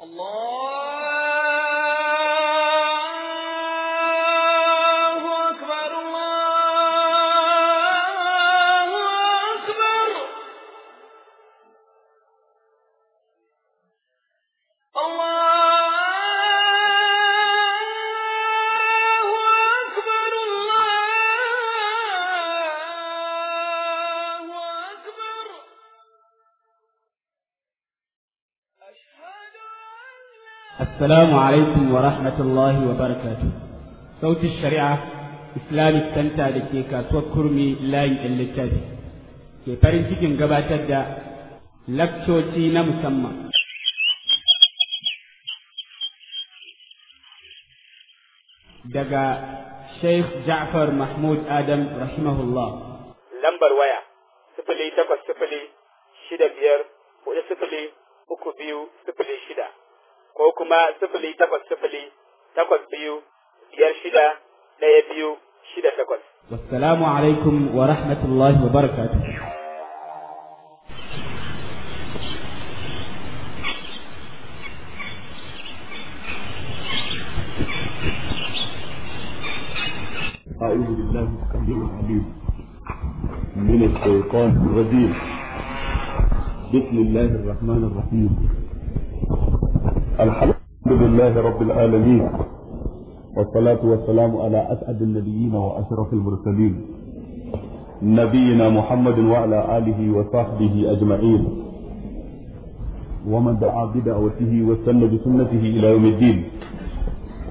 Allah السلام عليكم ورحمة الله وبركاته صوت الشريعة إسلام السنتا لكي كاسوة كرمي لاين اللتاد كي بارنسيك انقبا تدى لك شوتينا مسمى دقا شيخ جعفر محمود آدم رحمه الله لمبر وين kuma sifili takwas sifili takwas biyu biyar shida ɗaya biyu shida takwas. Wassalamu alaikum wa rahmatullahi wa barakatuh. أعوذ بالله السميع العليم من الشيطان الرجيم بسم الله الرحمن الرحيم الحمد لله رب العالمين والصلاة والسلام على أسعد النبيين وأشرف المرسلين نبينا محمد وعلى آله وصحبه أجمعين ومن دعا بدعوته واستنى بسنته إلى يوم الدين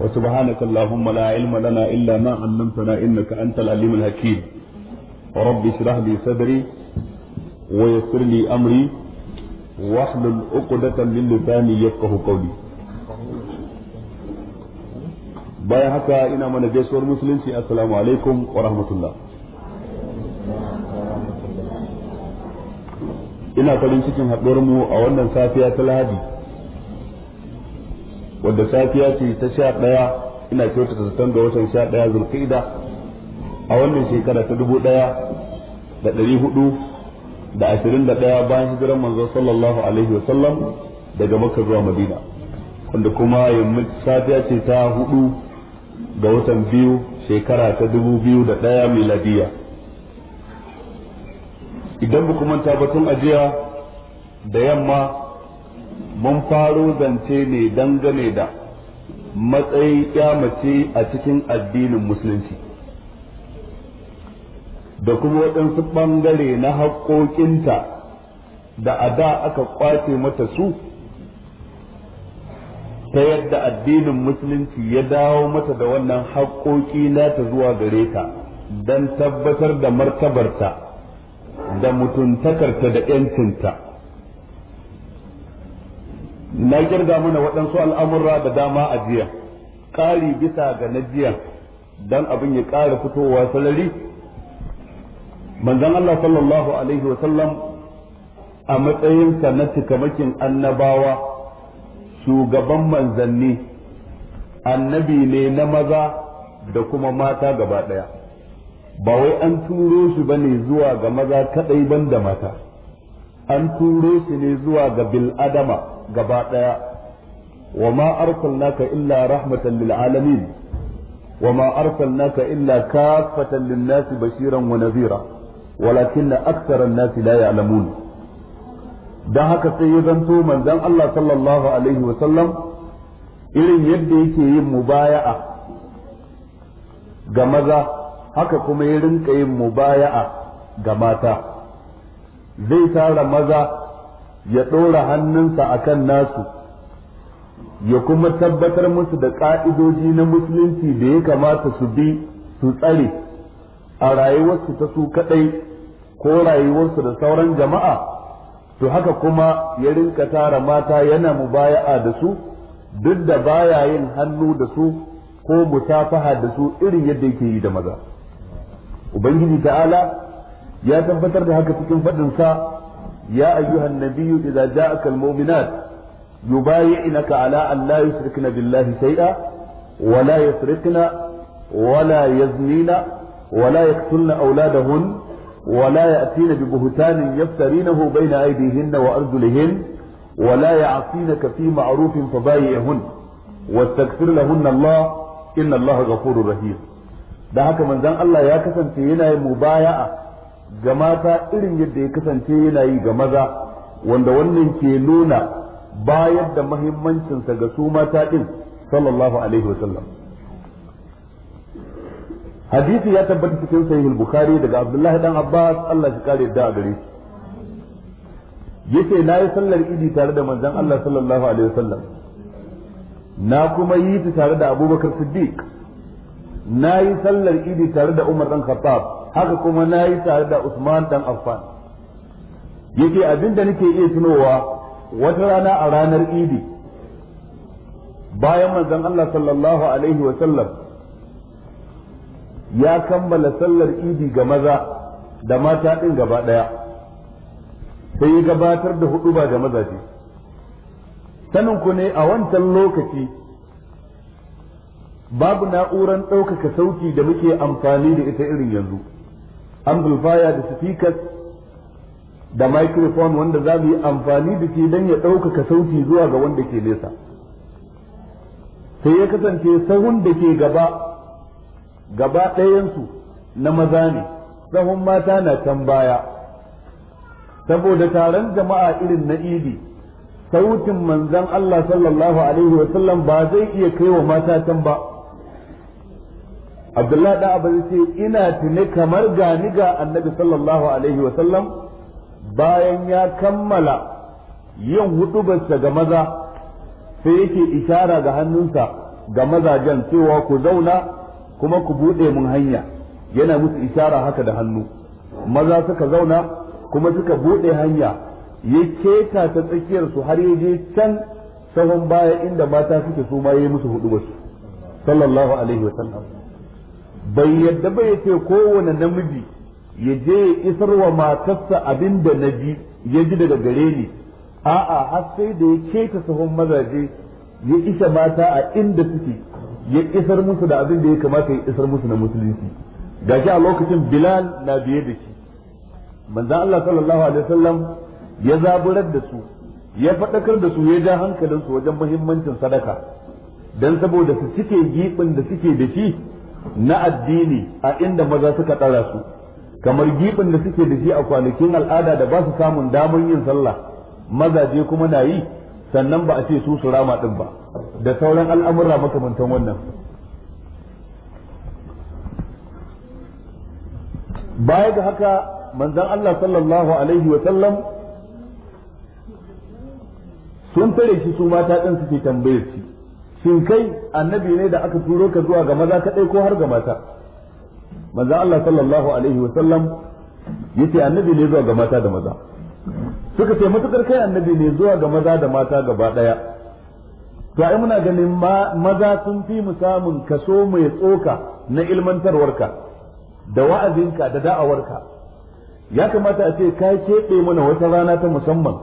وسبحانك اللهم لا علم لنا إلا ما علمتنا إنك أنت العليم الحكيم رب اشرح لي صدري ويسر لي أمري واحلل عقدة من لساني يفقه قولي bayan haka ina mana gaisuwar musulunci assalamu alaikum wa rahmatullah ina farin cikin haɗuwar mu a wannan safiya ta lahadi wadda safiya ce ta sha ɗaya ina kyautata zaton ga watan sha ɗaya zulkaida a wannan shekara ta dubu ɗaya da ɗari hudu da ashirin da ɗaya bayan hijiran manzo sallallahu alaihi wa sallam daga makka zuwa madina wanda kuma yammaci safiya ce ta hudu ga watan biyu shekara ta dubu biyu da ɗaya miladiya idan ba kuma tabbatun ajiya da yamma mun faro zance ne dangane da matsayi kyamace a cikin addinin musulunci da kuma waɗansu ɓangare na haƙoƙinta da a da aka ƙwace mata su ta yadda addinin musulunci ya dawo mata da wannan haƙoƙi nata zuwa gare ta don tabbatar da martabarta da mutuntakarta da ‘yancinta na girga mana waɗansu al'amurra da dama a jiya ƙari bisa ga na jiya don abin ya ƙara fitowa salari manzan Allah sallallahu alaihi wasallam a matsayinsa na cikamakin annabawa shugaban manzanni annabi ne na maza da kuma mata gaba ɗaya ba wai an turo shi ba ne zuwa ga maza kaɗai ban da mata an turo shi ne zuwa ga bil'adama gaba ɗaya wa ma arsalnaka illa rahmatan lil alamin wa ma arsalnaka illa kafatan lin nasi bashiran wa nadhira walakinna aktsara an-nasi la ya'lamun dan haka sai ya zanto manzon Allah sallallahu alaihi wa irin yadda yake yin mubaya'a ga maza haka kuma ya rinka yin mubaya'a ga mata zai tara maza ya ɗora hannunsa a kan nasu ya kuma tabbatar musu da ƙa'idoji na musulunci da ya kamata su bi su tsare a rayuwarsu ta su kaɗai ko rayuwarsu da sauran jama'a to haka kuma ya rinka tara mata yana mubaya'a da su duk da baya yin hannu da su ko musafaha da su irin yadda yake yi da maza ubangiji ta'ala ya tabbatar da haka cikin fadin sa ya ayyuhan nabiyyu idza ja'aka almu'minat yubayi'naka ala an la yushrikna billahi shay'a wa la yusrikna wa la yaznina wa la yaqtulna awladahunna ولا يأتين ببهتان يفترينه بين أيديهن وأرجلهن ولا يعصينك في معروف فبايعهن واستغفر لهن الله إن الله غفور رحيم da haka manzon Allah ya kasance yana yin mubaya'a ga mata irin yadda ya kasance yana yi ga maza wanda wannan ke nuna bayar da mahimmancinsa ga su mata din sallallahu alaihi wasallam hadisi ya tabbata cikin sahih al-bukhari daga abdullahi dan abbas Allah shi kare da gare shi yace na yi sallar idi tare da manzon Allah sallallahu alaihi wasallam na kuma yi ta tare da abubakar siddiq na yi sallar idi tare da umar dan khattab haka kuma na yi tare da usman dan affan yace abinda nake iya tunowa wata rana a ranar idi bayan manzon Allah sallallahu alaihi wasallam ya kammala sallar idi ga maza da mata ɗin gaba ɗaya sai ya gabatar da hudu ba ga mazaje sanin ku ne a wancan lokaci babu na'uran ɗaukaka sauti da muke amfani da ita irin yanzu amplifier da speakers da microphone wanda za mu yi amfani da shi don ya ɗaukaka sauti zuwa ga wanda ke nesa sai ya kasance sahun da ke gaba gaba ɗayansu na maza ne sahun mata na can baya saboda taron jama'a irin na idi sautin manzan Allah sallallahu alaihi wasallam ba zai iya kai wa mata can ba Abdullah da Abu ce ina tuni kamar gani ga Annabi sallallahu alaihi wasallam bayan ya kammala yin hudubarsa ga maza sai yake ishara ga hannunsa ga mazajen cewa ku zauna kuma ku buɗe mun hanya yana musu ishara haka da hannu maza suka zauna kuma suka buɗe hanya ya keta ta tsakiyar su har ya je can sahun baya inda mata suke su ma yayi musu hudu wasu sallallahu alaihi wa sallam bai yadda ba yace kowane namiji ya je ya isar wa matarsa abin da na ji ya ji daga gare ni a'a har sai da ya keta sahun mazaje ya isa mata a inda suke ya isar musu da abin da ya kamata ya isar musu na musulunci gashi a lokacin bilal na biye da shi manzan Allah sallallahu alaihi wasallam ya zaburar da su ya faɗakar da su ya ja hankalinsu wajen muhimmancin sadaka don saboda su cike gibin da suke da shi na addini a inda maza suka ɗara su kamar giɓin da suke da shi a kwanakin al'ada da ba su samun damar yin sallah mazaje kuma na yi sannan ba a ce su su rama ɗin ba da sauran al'amurra makamantan wannan baya da haka manzan Allah sallallahu alaihi wa sallam sun tare shi su mata ɗin suke tambayar shi shin kai annabi ne da aka turo ka zuwa ga maza kaɗai ko har ga mata manzan Allah sallallahu alaihi wa sallam yace annabi ne zuwa ga mata da maza suka ce matukar kai annabi ne zuwa ga maza da mata gaba daya to ai muna ganin maza sun fi mu samun kaso mai tsoka na ilmantarwarka da wa'azinka da da'awarka ya kamata a ce ka keɓe mana wata rana ta musamman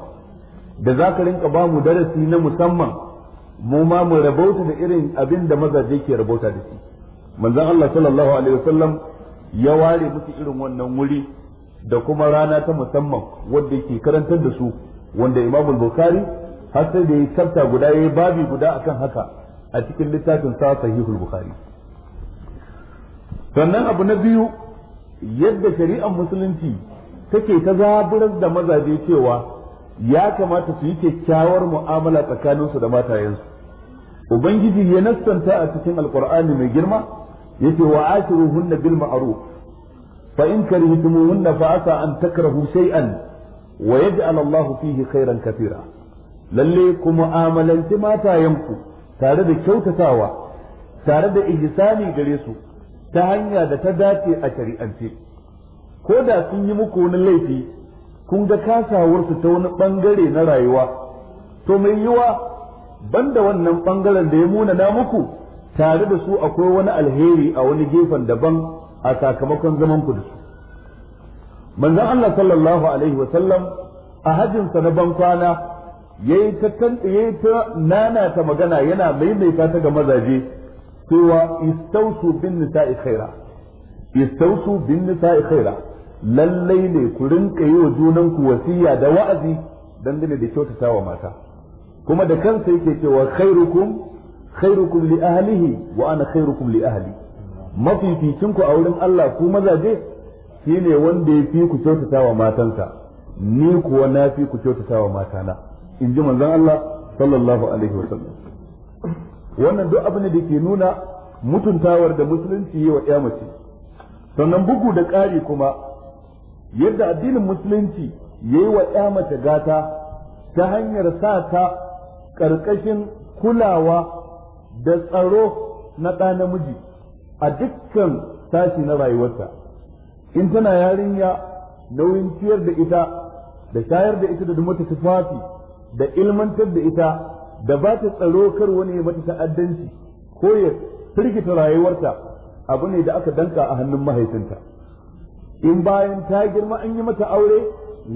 da za ka rinka ba mu darasi na musamman mu ma mu rabauta da irin abin da mazaje ke rabauta da shi manzon Allah sallallahu alaihi wasallam ya ware musu irin wannan wuri da kuma rana ta musamman wadda ke karantar da su wanda Imam Bukhari har sai da ya chapter guda yayi babi guda akan haka a cikin littafin sa Sahihul Bukhari sannan abu na biyu yadda shari'ar musulunci take ta zaburar da mazaje cewa ya kamata su yi kyakkyawar mu'amala tsakaninsu da matayensu ubangiji ya nassanta a cikin alkur'ani mai girma yace wa hunna bil ma'ruf fa in karihtumuhunna fa asa an takrahu shay'an wa yaj'al Allahu fihi khairan kafira. lalle ku mu'amalanci yanku tare da kyautatawa tare da ihsani gare su ta hanya da ta dace a shari'ance ko da sun yi muku wani laifi kun ga kasawarsu ta wani bangare na rayuwa to mai yiwa banda wannan ɓangaren da ya muna na muku tare da su akwai wani alheri a wani gefen daban a sakamakon zaman ku da su manzon Allah sallallahu alaihi wa sallam a hajjinsa na ban kwana yayi ta yayi ta nana ta magana yana maimaita ta ga mazaje cewa istausu bin nisa'i khaira istausu bin nisa'i khaira lallai ne ku rinka yi wa junanku wasiya da wa'azi dangane da kyautata wa mata kuma da kansa yake cewa khairukum khairukum li ahlihi wa ana khairukum li ahlihi mafificin ku a wurin Allah ku mazaje shine wanda yafi fi ku kyautatawa matansa ni kuwa na fi ku kyautatawa matana in ji manzon Allah sallallahu alaihi wasallam wannan duk abin da ke nuna mutuntawar da musulunci yi wa ya mace sannan bugu da ƙari kuma yadda addinin musulunci yayi wa ya mace gata ta hanyar sa ta ƙarƙashin kulawa da tsaro na ɗa namiji a dukkan sashi na rayuwarta in tana yarinya nauyin ciyar da ita da shayar da ita da mata tufafi da ilmantar da ita da ba ta tsaro kar wani ya mata ta'addanci ko ya firgita rayuwarta abu ne da aka danka a hannun mahaifinta in bayan ta girma an yi mata aure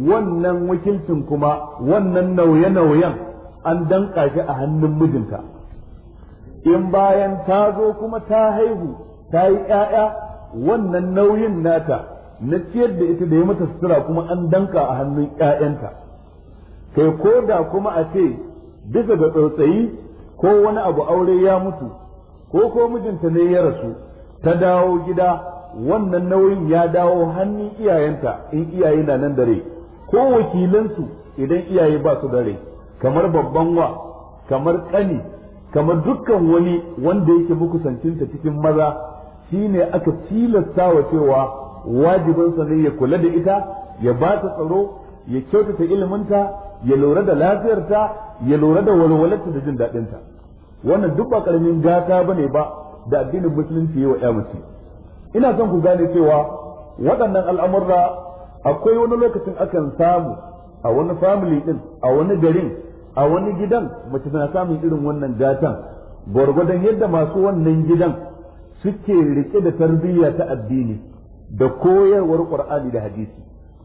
wannan wakilcin kuma wannan nauye-nauyen an danka shi a hannun mijinta in bayan ta zo kuma ta haihu ta yi ƴaƴa wannan nauyin nata na ciyar da ita da ya mata sutura kuma an danka a hannun ƴaƴanta kai ko da kuma a ce bisa ga tsautsayi ko wani abu aure ya mutu ko ko mijinta ne ya rasu ta dawo gida wannan nauyin ya dawo hannun iyayenta in iyaye na nan dare ko wakilansu idan iyaye ba su dare kamar babban wa kamar ƙani kamar dukkan wani wanda yake makusancinta cikin maza shine aka tilasta wa cewa wajibinsa ne ya kula da ita ya ba ta tsaro ya kyautata iliminta ya lura da lafiyarta ya lura da walwalarta da jin daɗinta wannan duk ba karamin gata bane ba da addinin musulunci yawa ya mace ina son ku gane cewa waɗannan al'amurra akwai wani lokacin akan samu a wani family din a wani garin a wani gidan mace tana samun irin wannan gatan gwargwadon yadda masu wannan gidan suke rike da tarbiyya ta addini da koyarwar qur'ani da hadisi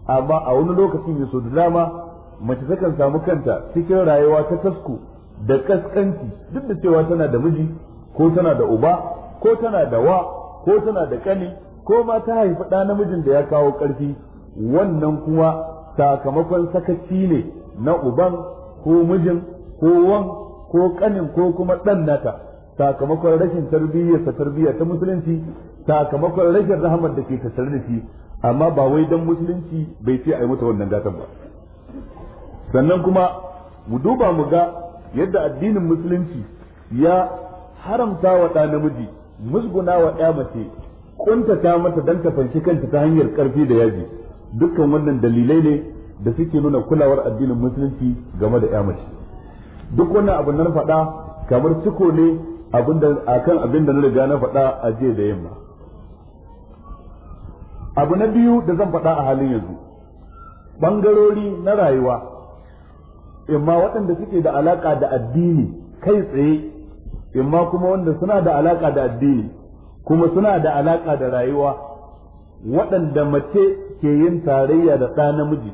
amma a wani lokaci mai so da dama mace takan samu kanta cikin rayuwa ta tasku da kaskanci duk da cewa tana da miji ko tana da uba ko tana da wa ko tana da kani ko ma ta haifi ɗa namijin da ya kawo ƙarfi wannan kuma sakamakon sakaci ne na uban ko mijin ko wan ko kanin ko kuma ɗan nata sakamakon rashin tarbiyyar sa tarbiyya ta musulunci sakamakon rashin rahamar da ke tattare da shi amma ba wai dan musulunci bai ce ai mata wannan gatan ba sannan kuma mu duba mu ga yadda addinin musulunci ya haramta wa ɗa namiji musguna wa ɗa mace kuntata mata dan ta fanshi kanta ta hanyar karfi da yaji dukkan wannan dalilai ne da suke nuna kulawar addinin musulunci game da ya mace duk wannan abu nan faɗa kamar ciko ne abinda abin da na riga na faɗa a jiya da yamma abu na biyu da zan faɗa a halin yanzu ɓangarori na rayuwa imma waɗanda suke da alaƙa da addini kai tsaye imma kuma wanda suna da alaƙa da addini kuma suna da alaƙa da rayuwa waɗanda mace ke yin tarayya da ɗa namiji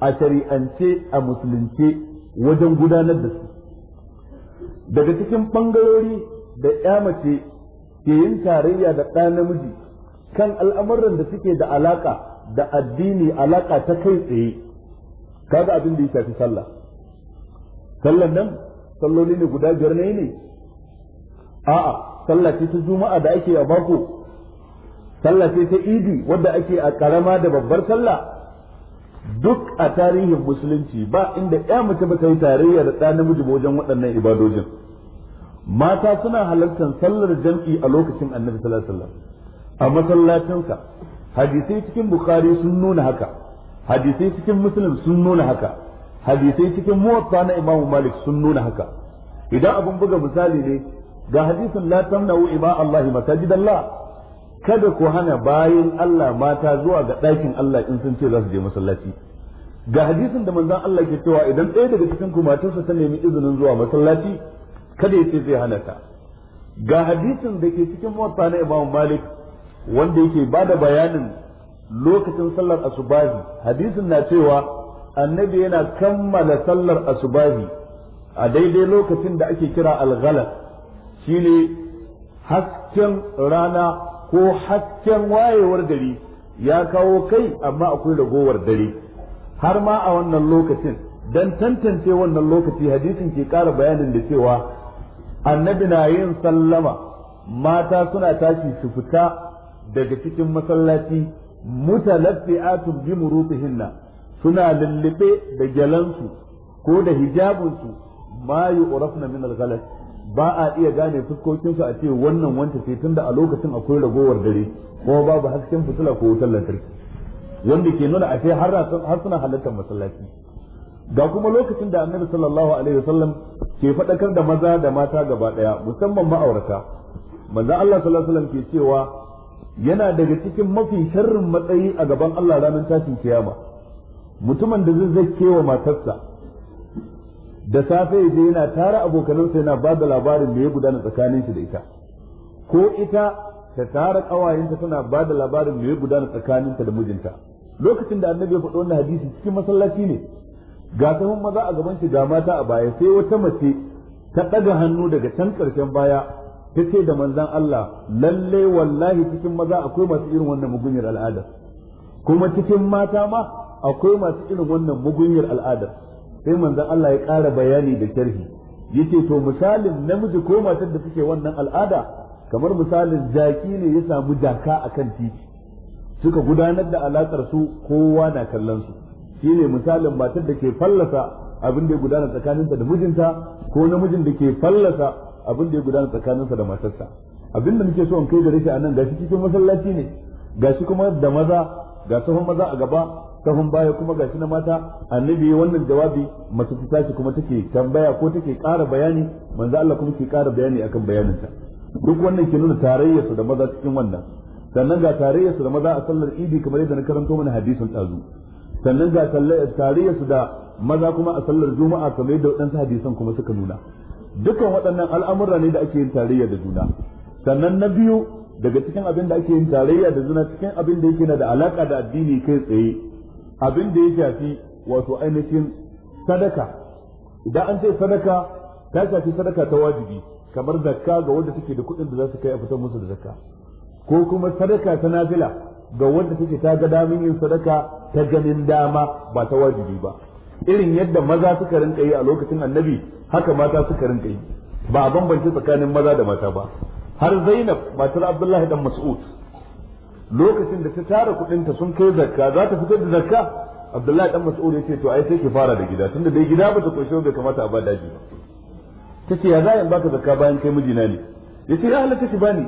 a shari'ance a musulunce wajen gudanar da su daga cikin bangarori da ya mace ke yin tarayya da ɗa namiji kan al'amuran da suke da alaka da addini alaka ta kai tsaye kaga abin da ya shafi sallah sallan nan salloli ne guda biyar ne ne a'a sallah ce ta juma'a da ake a bako sallah ce ta idi wadda ake a karama da babbar sallah duk a tarihin musulunci ba inda ya mace ba ta yi tarayya da ɗa namiji wajen waɗannan ibadojin mata suna halartar sallar jam'i a lokacin annabi sallallahu alaihi wasallam a masallacinsa hadisai cikin bukhari sun nuna haka hadisai cikin muslim sun nuna haka hadisai cikin muwatta na imam malik sun nuna haka idan abun buga misali ne ga hadisin la tamna'u ima allahi masajidallah kada ku hana bayin Allah mata zuwa ga ɗakin Allah in sun ce za su je masallaci ga hadisin da manzon Allah ke cewa idan ɗaya daga cikin ku matarsa ta nemi izinin zuwa masallaci kada ya ce zai hana ta ga hadisin da ke cikin mawata na Imam Malik wanda yake da bayanin lokacin sallar asubahi hadisin na cewa annabi yana kammala sallar asubahi a daidai lokacin da ake kira al shine hasken rana ko hasken wayewar dare ya kawo kai amma akwai ragowar dare har ma a wannan lokacin dan tantance wannan lokaci hadisin ke ƙara bayanin da cewa annabi na yin sallama mata suna tashi su fita daga cikin masallaci mutalaffi'atun bi hinna suna lullube da gyalansu ko da hijabunsu ma yu'rafna min al ba a iya gane fuskokinsu a ce wannan wanta ce tunda a lokacin akwai ragowar dare kuma babu hasken fitila ko wutar lantarki wanda ke nuna a ce har suna halartar masallaci ga kuma lokacin da annabi sallallahu alaihi wasallam ke faɗakar da maza da mata gaba ɗaya musamman ma'aurata manzo Allah sallallahu alaihi wasallam ke cewa yana daga cikin mafi sharrin matsayi a gaban Allah ranar tashin kiyama mutumin da zai zakewa matarsa da safe ya je yana tara abokanansa yana ba da labarin da ya gudana tsakanin shi da ita ko ita ta tara kawayenta tana bada labarin da ya gudana tsakaninta da mijinta lokacin da annabi ya faɗi wannan hadisi cikin masallaci ne ga sahun maza a gaban shi ga mata a baya sai wata mace ta ɗaga hannu daga can ƙarshen baya ta ce da manzan Allah lalle wallahi cikin maza akwai masu irin wannan mugunyar al'adar kuma cikin mata ma akwai masu irin wannan mugunyar al'adar sai manzon Allah ya ƙara bayani da sharhi yace to misalin namiji ko matar da suke wannan al'ada kamar misalin jaki ne ya samu jaka akan titi suka gudanar da alakar su kowa na kallon su shine misalin matar da ke fallasa abin da ya gudana tsakaninsa da mijinta ko namijin da ke fallasa abin da ya gudana tsakaninsa da matarsa abin da nake so in kai da rashi a nan gashi cikin masallaci ne gashi kuma da maza ga sahun maza a gaba kafin baya kuma gashi na mata annabi wannan jawabi mace ta tashi kuma take tambaya ko take ƙara bayani manzo Allah kuma ke ƙara bayani akan bayaninta duk wannan ke nuna su da maza cikin wannan sannan ga su da maza a sallar idi kamar yadda na karanto mana hadisin ɗazu sannan ga su da maza kuma a sallar juma'a kamar yadda waɗansu hadisan kuma suka nuna dukan waɗannan al'amura ne da ake yin tarayya da juna sannan na biyu daga cikin abin da ake yin tarayya da juna cikin abin da yake na da alaka da addini kai tsaye abin da ya shafi wato ainihin sadaka idan an ce sadaka ta shafi sadaka ta wajibi kamar zakka ga wanda take da kuɗin da za su kai a fitar musu da zakka ko kuma sadaka ta nafila ga wanda take ta ga damin yin sadaka ta ganin dama ba ta wajibi ba irin yadda maza suka rinka yi a lokacin annabi haka mata suka rinka yi ba a bambance tsakanin maza da mata ba har zainab matar abdullahi dan mas'ud lokacin da ta tara kuɗinta sun kai zakka za ta fitar da zakka abdullahi dan ya ce to ai sai ki fara da gida tunda dai gida ba bata koyi bai kamata a ba daji ba ce ya za in baka zakka bayan kai mijina ne ce ya halatta ki bani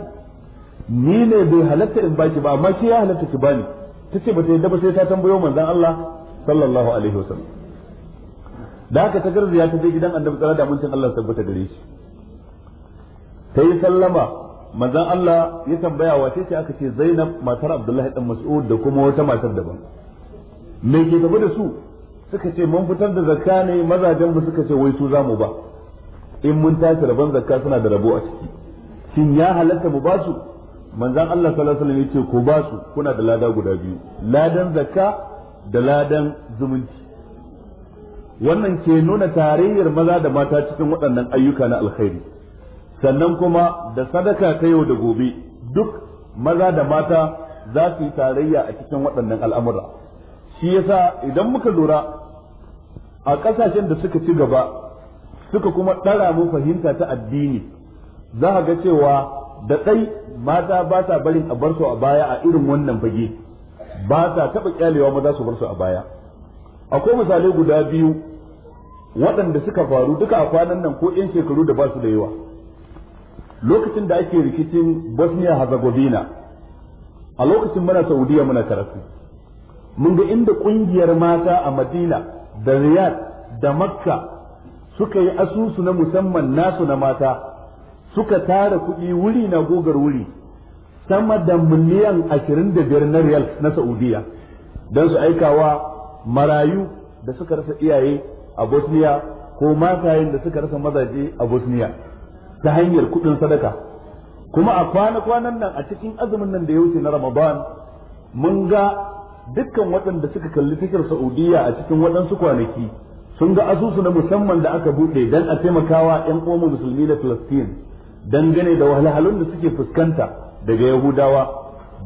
ni ne bai halatta in baki ba amma ki ya halatta ki bani Ta tace bata yadda ba sai ta tambayo manzon Allah sallallahu alaihi wasallam da haka ta garziya ta je gidan annabi tsara da mutum Allah tabbata gare shi ta yi sallama manzon Allah ya tambaya wace ce aka ce Zainab matar Abdullahi dan Mas'ud da kuma wata matar daban me ke gaba da su suka ce mun fitar da zakka ne mazajen mu suka ce wai su zamu ba in mun tashi rabon zakka suna da rabo a ciki shin ya halatta mu ba su manzon Allah sallallahu alaihi wasallam yace ku ba su kuna da lada guda biyu ladan zakka da ladan zumunci wannan ke nuna tarihiyar maza da mata cikin waɗannan ayyuka na alkhairi sannan kuma da sadaka ta yau da gobe duk maza da mata za su yi tarayya a cikin waɗannan al'amura shi yasa idan muka lura a ƙasashen da suka ci gaba suka kuma ɗara mu fahimta ta addini za a ga cewa da ɗai mata ba sa barin a bar su a baya a irin wannan fage ba sa taɓa ƙyalewa maza su bar su a baya akwai misalai guda biyu waɗanda suka faru duka a kwanan nan ko 'yan shekaru da ba su da yawa lokacin da ake rikicin bosnia herzegovina a lokacin mana saudiya muna karatu mun ga inda kungiyar mata a madina da riyadh da makka suka yi asusu na musamman nasu na mata suka tara kuɗi wuri na gogar wuri sama da miliyan ashirin da biyar na riyal na saudiya don su aikawa marayu da suka rasa iyaye a bosniya ko matayen da suka rasa mazaje a bosniya ta hanyar kuɗin sadaka kuma a kwana-kwanan nan a cikin azumin nan da ya wuce na ramadan mun ga dukkan waɗanda suka kalli fikir Sa'udiyya a cikin waɗansu kwanaki sun ga asusu na musamman da aka buɗe don a taimakawa 'yan uwan musulmi na filastin dangane da wahalhalun da suke fuskanta daga yahudawa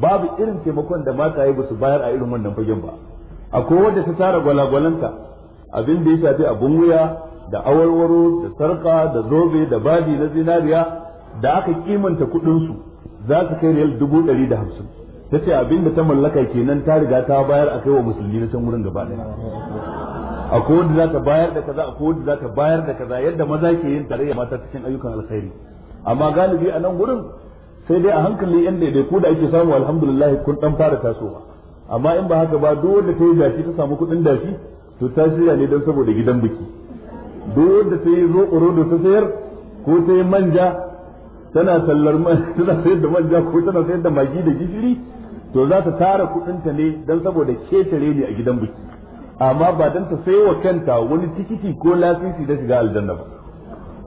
babu irin taimakon da mata yi su bayar a irin wannan fagen ba akwai wadda ta tara gwalagwalanta abin da ya shafi abin wuya da awarwaro da sarka da zobe da babi na zinariya da aka kimanta kuɗinsu za su kai riyal dubu ɗari da hamsin ta ce abin ta mallaka kenan ta riga ta bayar a kai wa musulmi na can wurin gaba ɗaya akwai wanda za ta bayar da kaza akwai wanda za ta bayar da kaza yadda maza ke yin tarayya mata cikin ayyukan alkhairi amma galibi a nan wurin sai dai a hankali yan ko da ake samu alhamdulillah kun dan fara tasowa amma in ba haka ba duk wanda ta yi dashi ta samu kuɗin dashi to ta shirya ne don saboda gidan biki duk wanda ta yi zo da ta sayar ko ta yi manja tana sallar tana sayar da manja ko tana sayar da magi da gishiri to za ta tara kudinta ne don saboda ketare ne a gidan biki amma ba don ta sai wa kanta wani tikiti ko lasisi da shiga aljanna ba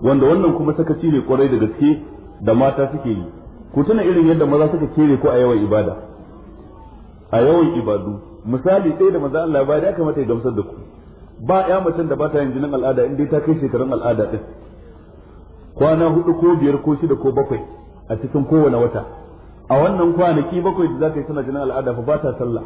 wanda wannan kuma sakaci ne kwarai da gaske da mata suke yi Ko tana irin yadda maza suka kere ko a yawan ibada a yawan ibadu misali ɗaya da maza Allah ba ya kamata ya gamsar da ku ba ya macen da ba ta yin jinin al'ada in dai ta kai shekarun al'ada din kwana hudu ko biyar ko shida ko bakwai a cikin kowane wata a wannan kwanaki bakwai da za ka yi suna jinin al'ada ba ta sallah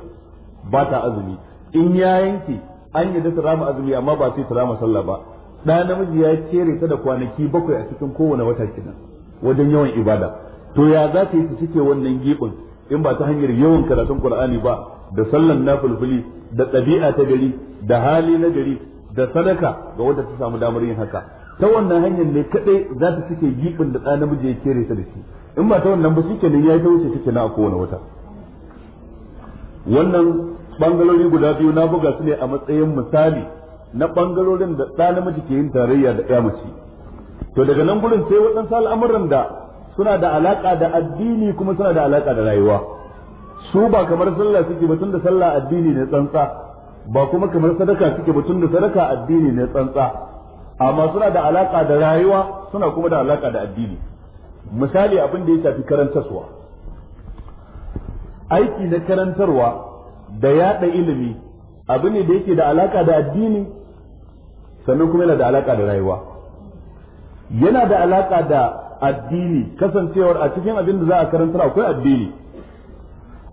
ba ta azumi in ya yanke an yi da ta rama azumi amma ba sai ta rama sallah ba ɗa namiji ya cere ta da kwanaki bakwai a cikin kowane wata kenan wajen yawan ibada to ya za ta yi ta cike wannan gibin in ba ta hanyar yawan karatun qur'ani ba da sallan fulfuli da ɗabi'a ta gari da hali na gari da sadaka ga wanda ta samu damar yin haka ta wannan hanyar ne kadai za ta cike gibin da ɗan namiji ya kere ta da shi in ba ta wannan ba shike ne yi ta wuce take na a kowane wata wannan bangalori guda biyu na buga su ne a matsayin misali na bangalorin da ɗan namiji ke yin tarayya da ɗaya mace to daga nan gurin sai waɗansu al'amuran da suna da alaka da addini kuma suna da alaka da rayuwa su ba kamar sallah suke ba tunda sallah addini ne tsantsa ba kuma kamar sadaka suke ba tunda sadaka addini ne tsantsa amma suna da alaka da rayuwa suna kuma da alaka da addini misali abin da ya shafi karantarwa aiki na karantarwa da yaɗa ilimi abu ne da yake da alaka da addini sannan kuma yana da alaka da rayuwa yana da alaka da addini kasancewar a cikin abin da za a karantar akwai addini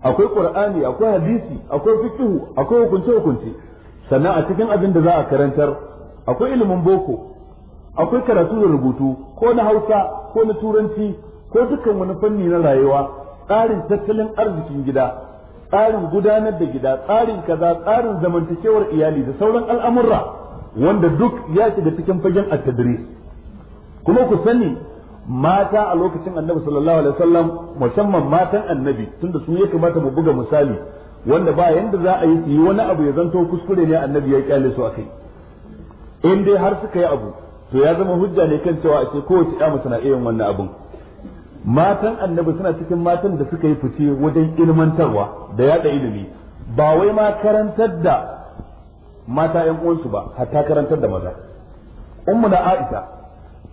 akwai qur'ani akwai hadisi akwai fiqh akwai hukunce hukunce sannan a cikin abin da za a karantar akwai ilimin boko akwai karatu da rubutu ko na hausa ko na turanci ko dukkan wani fanni na rayuwa tsarin tattalin arzikin gida tsarin gudanar da gida tsarin kaza tsarin zamantakewar iyali da sauran al'amurra wanda duk ya shiga cikin fagen at-tadris kuma ku sani mata a lokacin annabi sallallahu alaihi wasallam musamman matan annabi tunda su ya kamata mu buga misali wanda ba yanda za a yi yi wani abu ya zanto kuskure ne annabi ya kyale su akai in dai har suka yi abu to ya zama hujja ne kan cewa a ce kowace ya mace iya wannan abun matan annabi suna cikin matan da suka yi fice wajen ilmantarwa da yada ilimi ba wai ma karantar da mata yan uwansu ba hatta karantar da maza ummu na aisha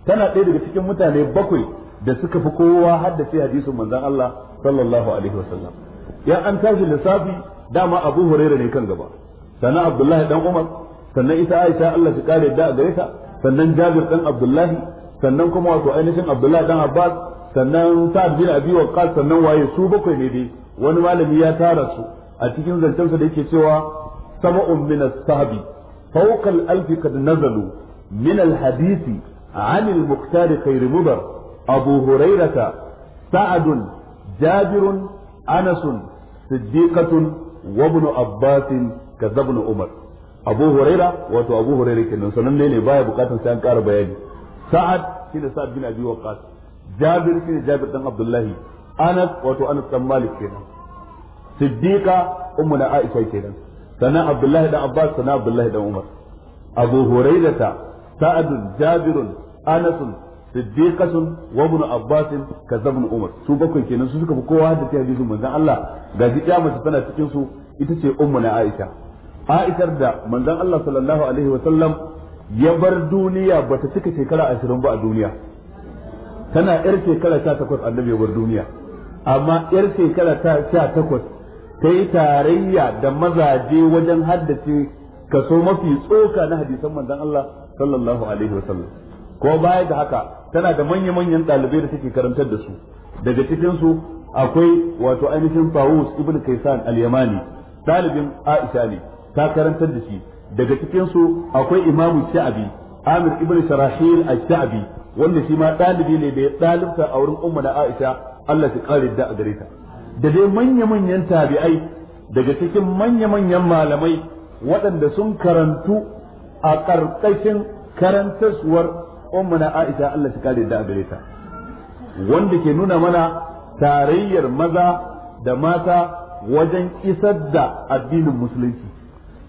tana ɗaya daga cikin mutane bakwai da suka fi kowa haddace hadisin manzon Allah sallallahu alaihi wasallam ya an tashi lissafi dama Abu Hurairah ne kan gaba sannan Abdullahi dan Umar sannan ita Aisha Allah ta kare da gare ta sannan Jabir dan Abdullahi sannan kuma wato ainihin Abdullahi dan Abbas sannan Sa'ad bin Abi Waqqas sannan waye su bakwai ne dai wani malami ya tara su a cikin zancensa da yake cewa sama'un min as-sahabi fawqa al-alf kad nazalu min al-hadisi عن المختار خير مضر أبو هريرة سعد جابر أنس صديقة وابن عباس كذا ابن عمر أبو هريرة وتو أبو هريرة كنا سنن لي باي بقاتن سان كار بياني سعد كنا سعد بن أبي وقاص جابر كنا جابر بن عبد الله أنس وتو أنس بن مالك كنا صديقة أمنا عائشة كنا سنا عبد الله بن عباس سنا عبد الله بن عمر أبو هريرة سعد جابر anasun siddiqatun wa ibn abbas kaza ibn umar su bakwai kenan su suka fi kowa da ta hadisin manzon Allah ga ji ta mace tana cikin su ita ce ummu na aisha aishar da manzon Allah sallallahu alaihi wa sallam ya bar duniya ba ta cika shekara ashirin ba a duniya tana yar shekara 18 annabi ya bar duniya amma yar shekara 18 ta yi tarayya da mazaje wajen haddace kaso mafi tsoka na hadisan manzon Allah sallallahu alaihi wa sallam ko baya da haka tana da manya-manyan ɗalibai da take karantar da su daga cikinsu akwai wato ainihin Fawus ibn Kaisan al-Yamani ɗalibin Aisha ne ta karantar da shi daga cikinsu akwai Imam Sha'abi Amir ibn Sharahil al-Sha'abi wanda shi ma ɗalibi ne da ya ɗalibta a wurin umma na Aisha Allah ta kare da a gare ta da dai manya-manyan tabi'ai daga cikin manya-manyan malamai waɗanda sun karantu a ƙarƙashin karantarsuwar ummuna Aisha Allah shi kare da gare wanda ke nuna mana tarayyar maza da mata wajen isar da addinin musulunci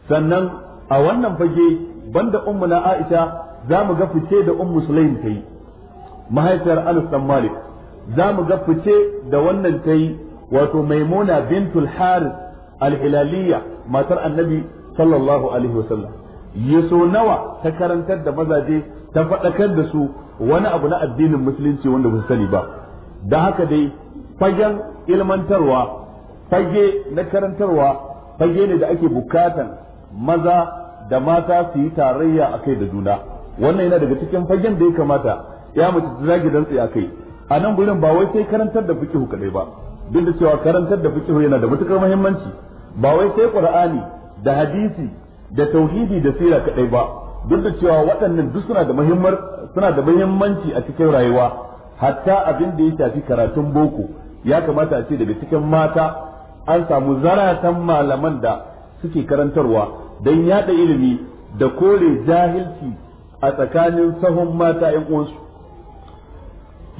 sannan a wannan fage banda ummuna Aisha za mu ga fice da ummu Sulaim ta yi mahaifiyar Anas dan Malik za mu ga fice da wannan ta wato maimuna bintul harith al-hilaliyya matar annabi sallallahu alaihi wasallam yaso nawa ta karantar da mazaje ta faɗakar da su wani abu na addinin musulunci wanda ba sani ba da haka dai fagen ilmantarwa fage na karantarwa fage ne da ake bukatan maza da mata su yi tarayya a kai da juna wannan yana daga cikin fagen da ya kamata ya mace ta zagi dantse a kai a nan gurin ba wai sai karantar da fikihu kadai ba duk da cewa karantar da fikihu yana da matukar muhimmanci ba wai sai qur'ani da hadisi da tauhidi da sira kadai ba duk da cewa waɗannan duk suna da muhimmar suna da muhimmanci a cikin rayuwa hatta abin da ya shafi karatun boko ya kamata a ce daga cikin mata an samu zaratan malaman da suke karantarwa don yada ilimi da kore jahilci a tsakanin sahun mata yan uwansu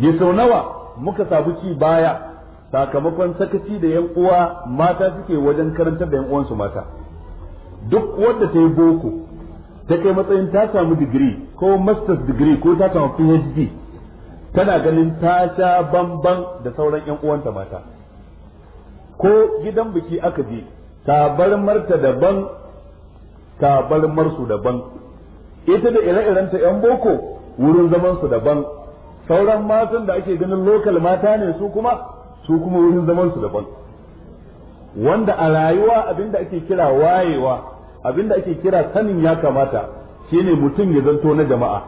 ya sau nawa muka sabu ci baya sakamakon sakaci da yan uwa mata suke wajen karantar da yan uwansu mata duk wanda ta yi boko ta kai matsayin ta samu digiri ko masters digiri ko ta samu phd tana ganin ta sha bamban da sauran yan uwanta mata ko gidan biki aka je ta bar marta daban ta bar marsu daban ita da ire-irenta yan boko wurin zamansu daban sauran matan da ake ganin lokal mata ne su kuma su kuma wurin zamansu daban wanda a rayuwa abinda ake kira wayewa abinda ake kira sanin ya kamata shine mutum ya zanto na jama'a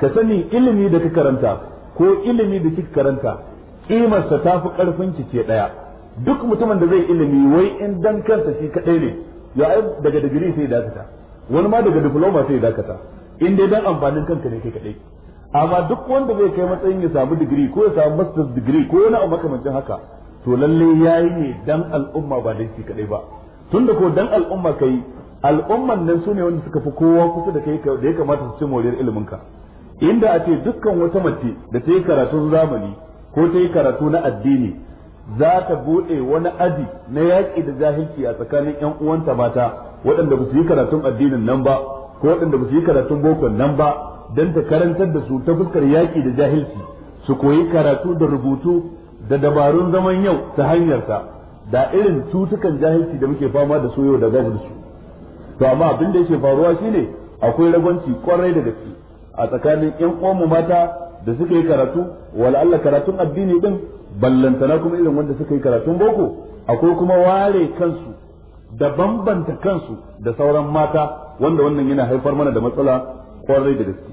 ka sani ilimi da ka karanta ko ilimi da kika karanta kimarsa ta fi karfin ki ce daya duk mutumin da zai ilimi wai in dan kansa shi kadai ne ya ai daga digiri sai dakata wani ma daga diploma sai dakata in dai dan amfanin kanka ne kai kadai amma duk wanda zai kai matsayin ya samu digiri ko ya samu master's digiri ko wani abu makamancin haka to lalle yayi ne dan al'umma ba dan shi kadai ba tunda ko dan al'umma kai al'umman nan sune wanda suka fi kowa kusa da kai da ya kamata su ci moriyar ilimin ka inda a ce dukkan wata mace da ta yi karatun zamani ko ta yi karatu na addini za ta bude wani aji na yaƙi da jahilci a tsakanin yan uwanta mata waɗanda ba su yi karatun addinin nan ba ko waɗanda ba su yi karatun bokon nan ba don ta karantar da su ta fuskar yaƙi da jahilci su koyi karatu da rubutu da dabarun zaman yau ta hanyarta da irin cutukan jahilci da muke fama da su yau da babu da su to amma abin da yake faruwa shine akwai rabanci kwarai da gaske a tsakanin yan uwanmu mata da suka yi karatu wala Allah karatun addini din ballantana kuma irin wanda suka yi karatun boko akwai kuma ware kansu da bambanta kansu da sauran mata wanda wannan yana haifar mana da matsala kwarai da gaske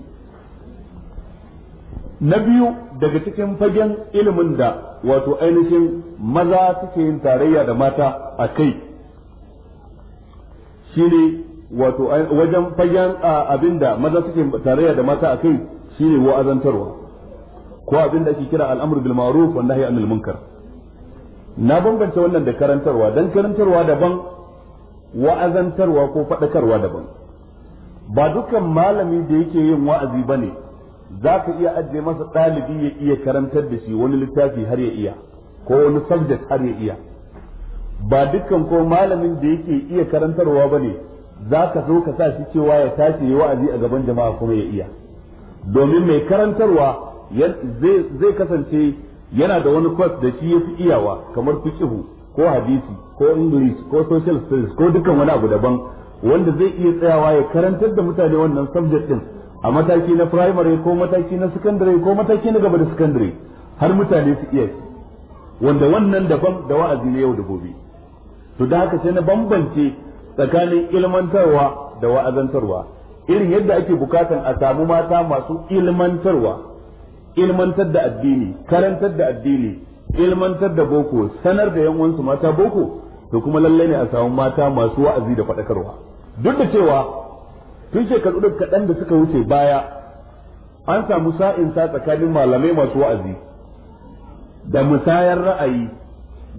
na biyu daga cikin fagen ilimin da wato ainihin maza suke yin tarayya da mata a kai shine wato wajen fagen abinda maza suke tarayya da mata akai shine wa'azantarwa ko abinda ake kira al'amru bil ma'ruf wan nahyi anil munkar na bambance wannan da karantarwa dan karantarwa daban wa'azantarwa ko faɗakarwa daban ba dukan malami da yake yin wa'azi bane za ka iya ajiye masa ɗalibi ya iya karantar da shi wani littafi har ya iya ko wani subject har ya iya ba dukkan ko malamin da yake iya karantarwa bane za ka zo ka sa shi cewa ya tashi yi wa'azi a gaban jama'a kuma ya iya domin mai karantarwa zai kasance yana da wani kwas da shi ya fi iyawa kamar fiqihu ko hadisi ko english ko social studies ko dukkan wani abu daban wanda zai iya tsayawa ya karantar da mutane wannan subject din a mataki na primary ko mataki na secondary ko mataki na gaba da secondary har mutane su iya wanda wannan daban da wa'azi na yau da gobe to da haka sai na bambance tsakanin ilmantarwa da wa'azantarwa irin yadda ake bukatan a samu mata masu ilmantarwa ilmantar da addini karantar da addini ilmantar da boko sanar da yan uwansu mata boko to kuma lallai ne a samu mata masu wa'azi da faɗakarwa duk da cewa tun shekaru da kaɗan da suka wuce baya an samu sa'in sa tsakanin malamai masu wa'azi da musayar ra'ayi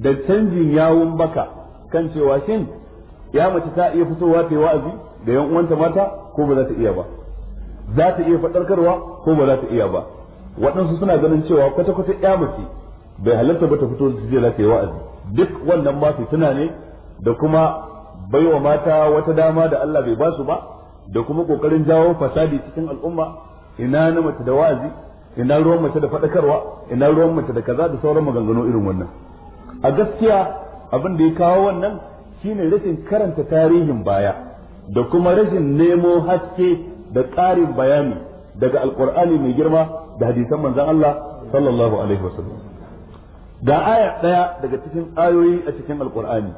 da canjin yawun baka kan cewa shin ya mace ta iya fitowa ta yi wa'azi da yan uwanta mata ko ba za ta iya ba za ta iya faɗarkarwa ko ba za ta iya ba waɗansu suna ganin cewa kwata-kwata ya mace bai halarta ba ta fito ta je za ta yi wa'azi duk wannan su tuna ne da kuma baiwa mata wata dama da Allah bai basu ba da kuma kokarin jawo fasadi cikin al'umma ina na mace da wa'azi ina ruwan mace da faɗakarwa ina ruwan mace da kaza da sauran maganganu irin wannan a gaskiya abin da ya kawo wannan shine rashin karanta tarihin baya da kuma rashin nemo haske da ƙarin bayani daga Alƙur'ani mai girma da hadisan manzon Allah sallallahu alaihi wasallam ga aya ɗaya daga cikin ayoyi a cikin alkur'ani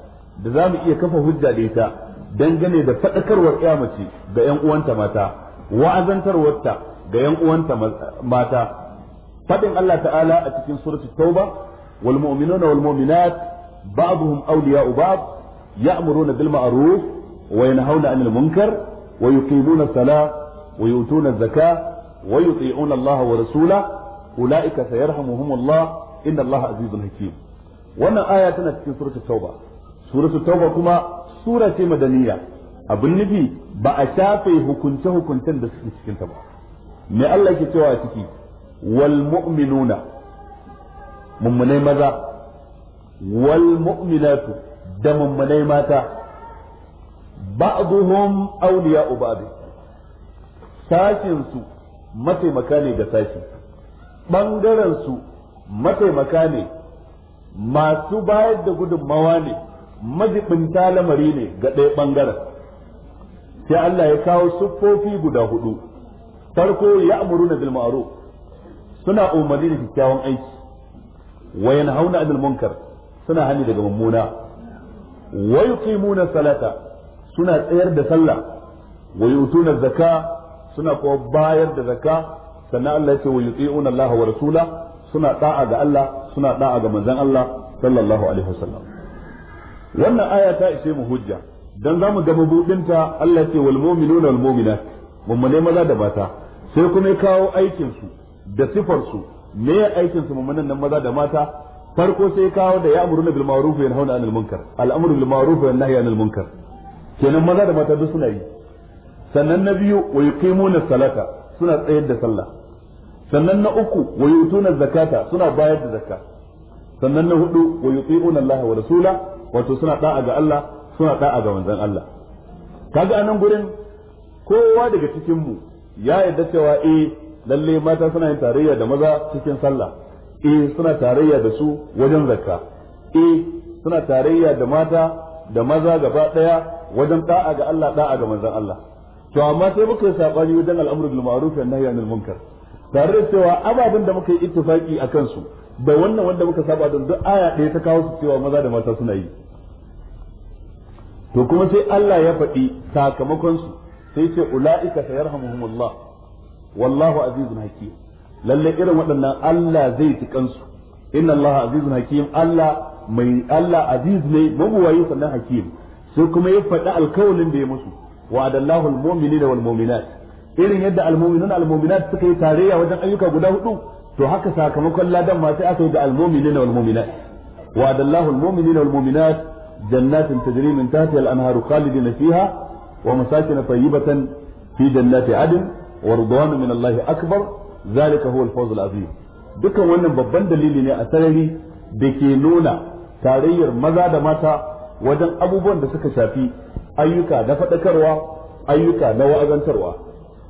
da za mu iya kafa hujja da ita dangane da faɗakarwar ya mace ga 'yan uwanta mata wa'azantarwarta ga 'yan uwanta mata faɗin Allah ta'ala a cikin suratul tauba wal mu'minuna wal mu'minat ba'dhum awliya'u ba'd ya'muruna bil ma'ruf wa yanhauna 'anil munkar wa yuqimuna as-salata wa yu'tuna az-zakata wa yuti'una Allah wa rasula ulaika sayarhamuhumullah inna Allah azizun hakim wannan aya tana cikin suratul tauba suratul tauba kuma surace ce madaniya abin nufi ba a shafe hukunce hukuncen da suke cikin ta ba me Allah ke cewa a ciki wal mu'minuna mummunai maza wal mu'minatu da mummunai mata ba'dhum awliya'u ba'd sashin su mataimaka ne ga sashi Bangaran su mataimaka ne masu bayar da gudunmawa ne Majiɓinta lamari ne ga ɗaya bangaran. sai Allah ya kawo siffofi guda hudu farko ya amuru na bil ma'ruf suna umarni da kyakkyawan aiki Wayan hauna anil munkar suna hani daga mummuna wa yuqimuna salata suna tsayar da sallah wa yutuna zakka suna kuma bayar da zakka sannan Allah ya ce wa yuti'una Allah wa rasula suna da'a ga Allah suna da'a ga manzon Allah sallallahu alaihi wasallam wannan aya ta ishe mu hujja dan zamu ga mabudinta Allah ya ce wal mu'minuna wal mu'minat mummune maza da mata sai kuma ya kawo aikin su da sifar su me ya aikin su mummunan nan maza da mata farko sai kawo da ya'muruna bil ma'ruf wa yanhauna 'anil munkar al'amru bil ma'ruf wa nahyi 'anil munkar kenan maza da mata duk suna yi sannan na biyu wa yuqimuna salata suna tsayar da sallah sannan na uku wa yutuna zakata suna bayar da zakka sannan na hudu wa yuti'una Allah wa rasula wato suna da'a ga Allah suna da'a ga manzon Allah kaga anan gurin kowa daga cikin mu ya yarda cewa eh lalle mata suna yin tarayya da maza cikin sallah E suna tarayya da su wajen zakka e suna tarayya da mata da maza gaba daya wajen da'a ga Allah da'a ga manzon Allah to amma sai muka yi sabani wajen al'amru bil ma'ruf wan nahyi anil munkar tare da cewa ababen da muka yi ittifaki akan su da wannan wanda muka saba don duk aya ɗaya ta kawo su cewa maza da mata suna yi to kuma sai Allah ya faɗi sakamakon su sai ce ula'ika sayarhamuhumullah wallahu azizun hakim lalle irin waɗannan Allah zai ci kansu inna Allah azizun hakim Allah mai Allah aziz ne mabuwayi sannan hakim sai kuma ya faɗi alkawalin da ya musu wa almu'minina wal mu'minat irin yadda almu'minuna al mu'minat suka yi tarayya wajen ayyuka guda hudu to haka sakamakon ladan ma sai aka yi da almu'minina wal mu'minat wa almu'minina wal mu'minat jannatin tajri min tahtiha al anharu khalidina fiha wa masakin tayyibatan fi jannati adn wa ridwanun min Allah akbar zalika huwa al-fawz al-azim dukan wannan babban dalili ne a sarari da ke nuna tarayyar maza da mata wajen abubuwan da suka shafi ayyuka na fadakarwa ayyuka na wa'azantarwa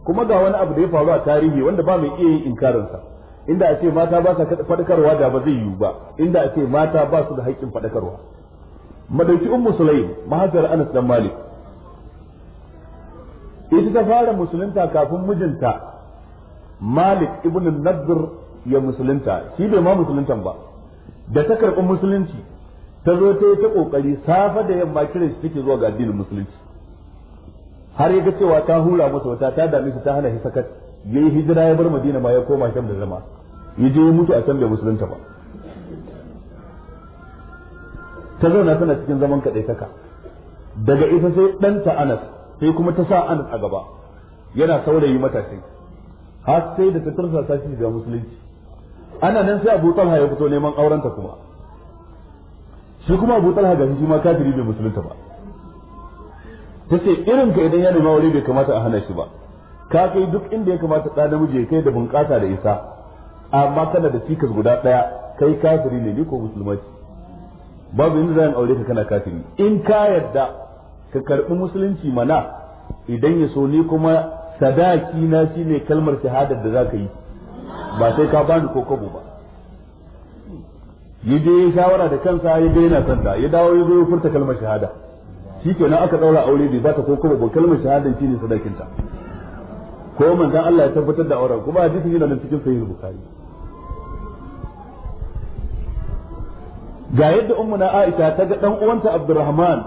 kuma ga wani abu da ya faru a tarihi wanda ba mai iya yin sa inda ake mata ba sa fadakarwa da ba zai yiwu ba inda ake mata ba su da haƙƙin faɗakarwa madauki ummu sulaim mahajar anas dan malik ita ta fara musulunta kafin mijinta malik ibn nadr ya musulunta shi bai ma musuluntan ba da ta karɓi musulunci ta zo ta yi ta ƙoƙari safa da yamma kiran shi take zuwa ga addinin musulunci har ya ga cewa ta hura masa wata ta dame shi ta hana shi sakat ya hijira ya bar madina ma ya koma sham da zama ya mutu a can bai musulunta ba ta zauna tana cikin zaman kaɗai saka daga ita sai ɗanta anas sai kuma ta sa anas a gaba yana saurayi matashi har sai da ta sa ta ga musulunci ana nan sai Abu Talha ya fito neman aurenta kuma shi kuma Abu Talha ga shi ma kafiri bai musulunta ba tace irin ka idan ya nemi aure bai kamata a hana shi ba ka kai duk inda ya kamata da namiji ya kai da bunƙasa da isa amma kana da cikas guda daya kai kafiri ne ni ko musulma babu inda zan aure ka kana kafiri in ka yarda ka karbi musulunci mana idan ya so ni kuma sadaki na shi ne kalmar shahadar da za ka yi ba sai ka bani ko kabo ba ya dai shawara da kansa ya dai yana santa ya dawo ya zo ya furta kalmar shahada shi nan aka daura aure bai zaka ko kabo ba kalmar shahada shi ne sadakinta ko manzon Allah ya tabbatar da auren kuma hadisin yana nan cikin sahih bukhari ga yadda ummu na Aisha ta ga dan uwanta Abdurrahman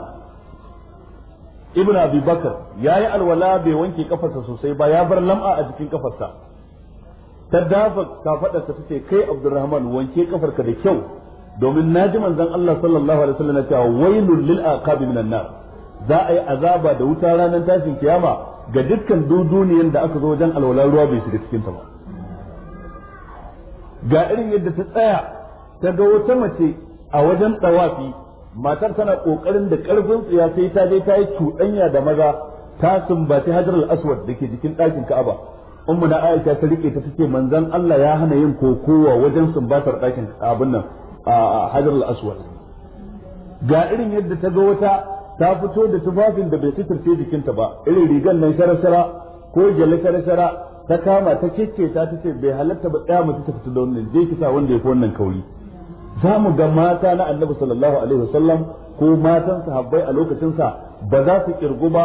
ibn abi bakar yayi alwala bai wanke kafarsa sosai ba ya bar lam'a a jikin kafarsa ta dafa ta ce kai abdurrahman wanke kafarka da kyau domin na ji manzon Allah sallallahu alaihi wasallam cewa wailul lil aqabi minan nar za a yi azaba da wuta ranar tashin kiyama ga dukkan duduniyan da aka zo wajen alwala ruwa bai shiga cikin ta ba ga irin yadda ta tsaya ta ga wata mace a wajen tsawafi matar tana kokarin da karfin tsiya sai ta je ta yi cuɗanya da maza ta sumbaci hajar al-aswad da ke jikin ɗakin ka'aba ummu na aisha ta rike ta tace manzon Allah ya hana yin kokowa wajen sumbatar ɗakin abin nan a hajar al-aswad ga irin yadda ta ga wata ta fito da tufafin da bai suturce jikinta ba irin rigan nan sharashara ko gyalle sharashara ta kama ta kicce ta tace bai halatta ba tsaya mace ta fito da wannan je ki sa wanda ya fi wannan kauri za mu ga mata na annabi sallallahu alaihi wasallam ko matan sahabbai a lokacinsa ba za su kirgu ba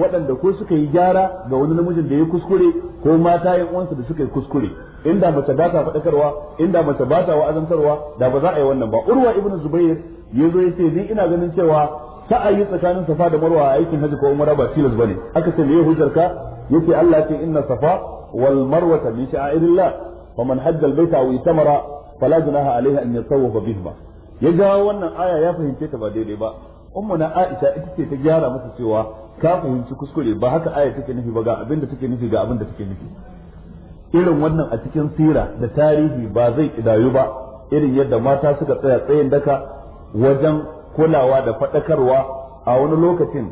waɗanda ko suka yi gyara ga wani namijin da ya kuskure ko mata yan uwansa da suka yi kuskure inda mace ba ta faɗakarwa inda mace ba ta wa'azantarwa da ba za a yi wannan ba urwa ibn zubair ya zo ya ce ni ina ganin cewa sa'ayi tsakanin safa da marwa a aikin hajji ko umara ba tilas bane aka ce meye hujjar ka yace Allah ce inna safa wal marwa min sha'airillah faman hajja baita aw itamara fala junaha alaiha an yatawafa bihima ya jawo wannan aya ya fahimce ta ba daidai ba ummu na aisha ita ce ta gyara masa cewa ka fahimci kuskure ba haka aya take nufi ba ga abin da take nufi ga abin da take nufi irin wannan a cikin sira da tarihi ba zai kidayu ba irin yadda mata suka tsaya tsayin daka wajen kulawa da fadakarwa a wani lokacin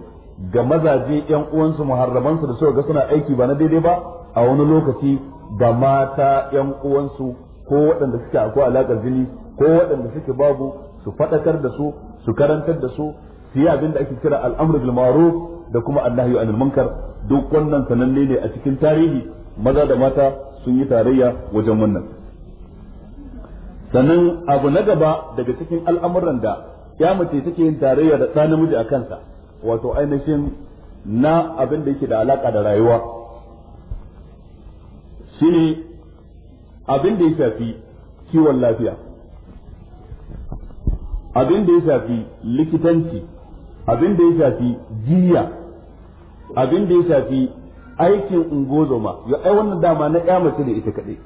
ga mazaje yan uwansu muharramansu da suka ga suna aiki ba na daidai ba a wani lokaci ga mata yan uwansu ko waɗanda suke akwai alaƙar jini ko waɗanda suke babu su faɗakar da su su karantar da su su yi abin da ake kira al'amru bil ma'ruf da kuma annahyu anil munkar duk wannan sananne ne a cikin tarihi maza da mata sun yi tarayya wajen wannan sannan abu na gaba daga cikin al'amuran da ya mace take yin tarayya da ɗan namiji a kansa wato ainihin na abin da yake da alaƙa da rayuwa shine abin da ya shafi kiwon lafiya abin da ya shafi likitanci abin da ya shafi jiya abin da ya shafi aikin ungozoma ya ai wannan dama na ya mace da ita kaɗai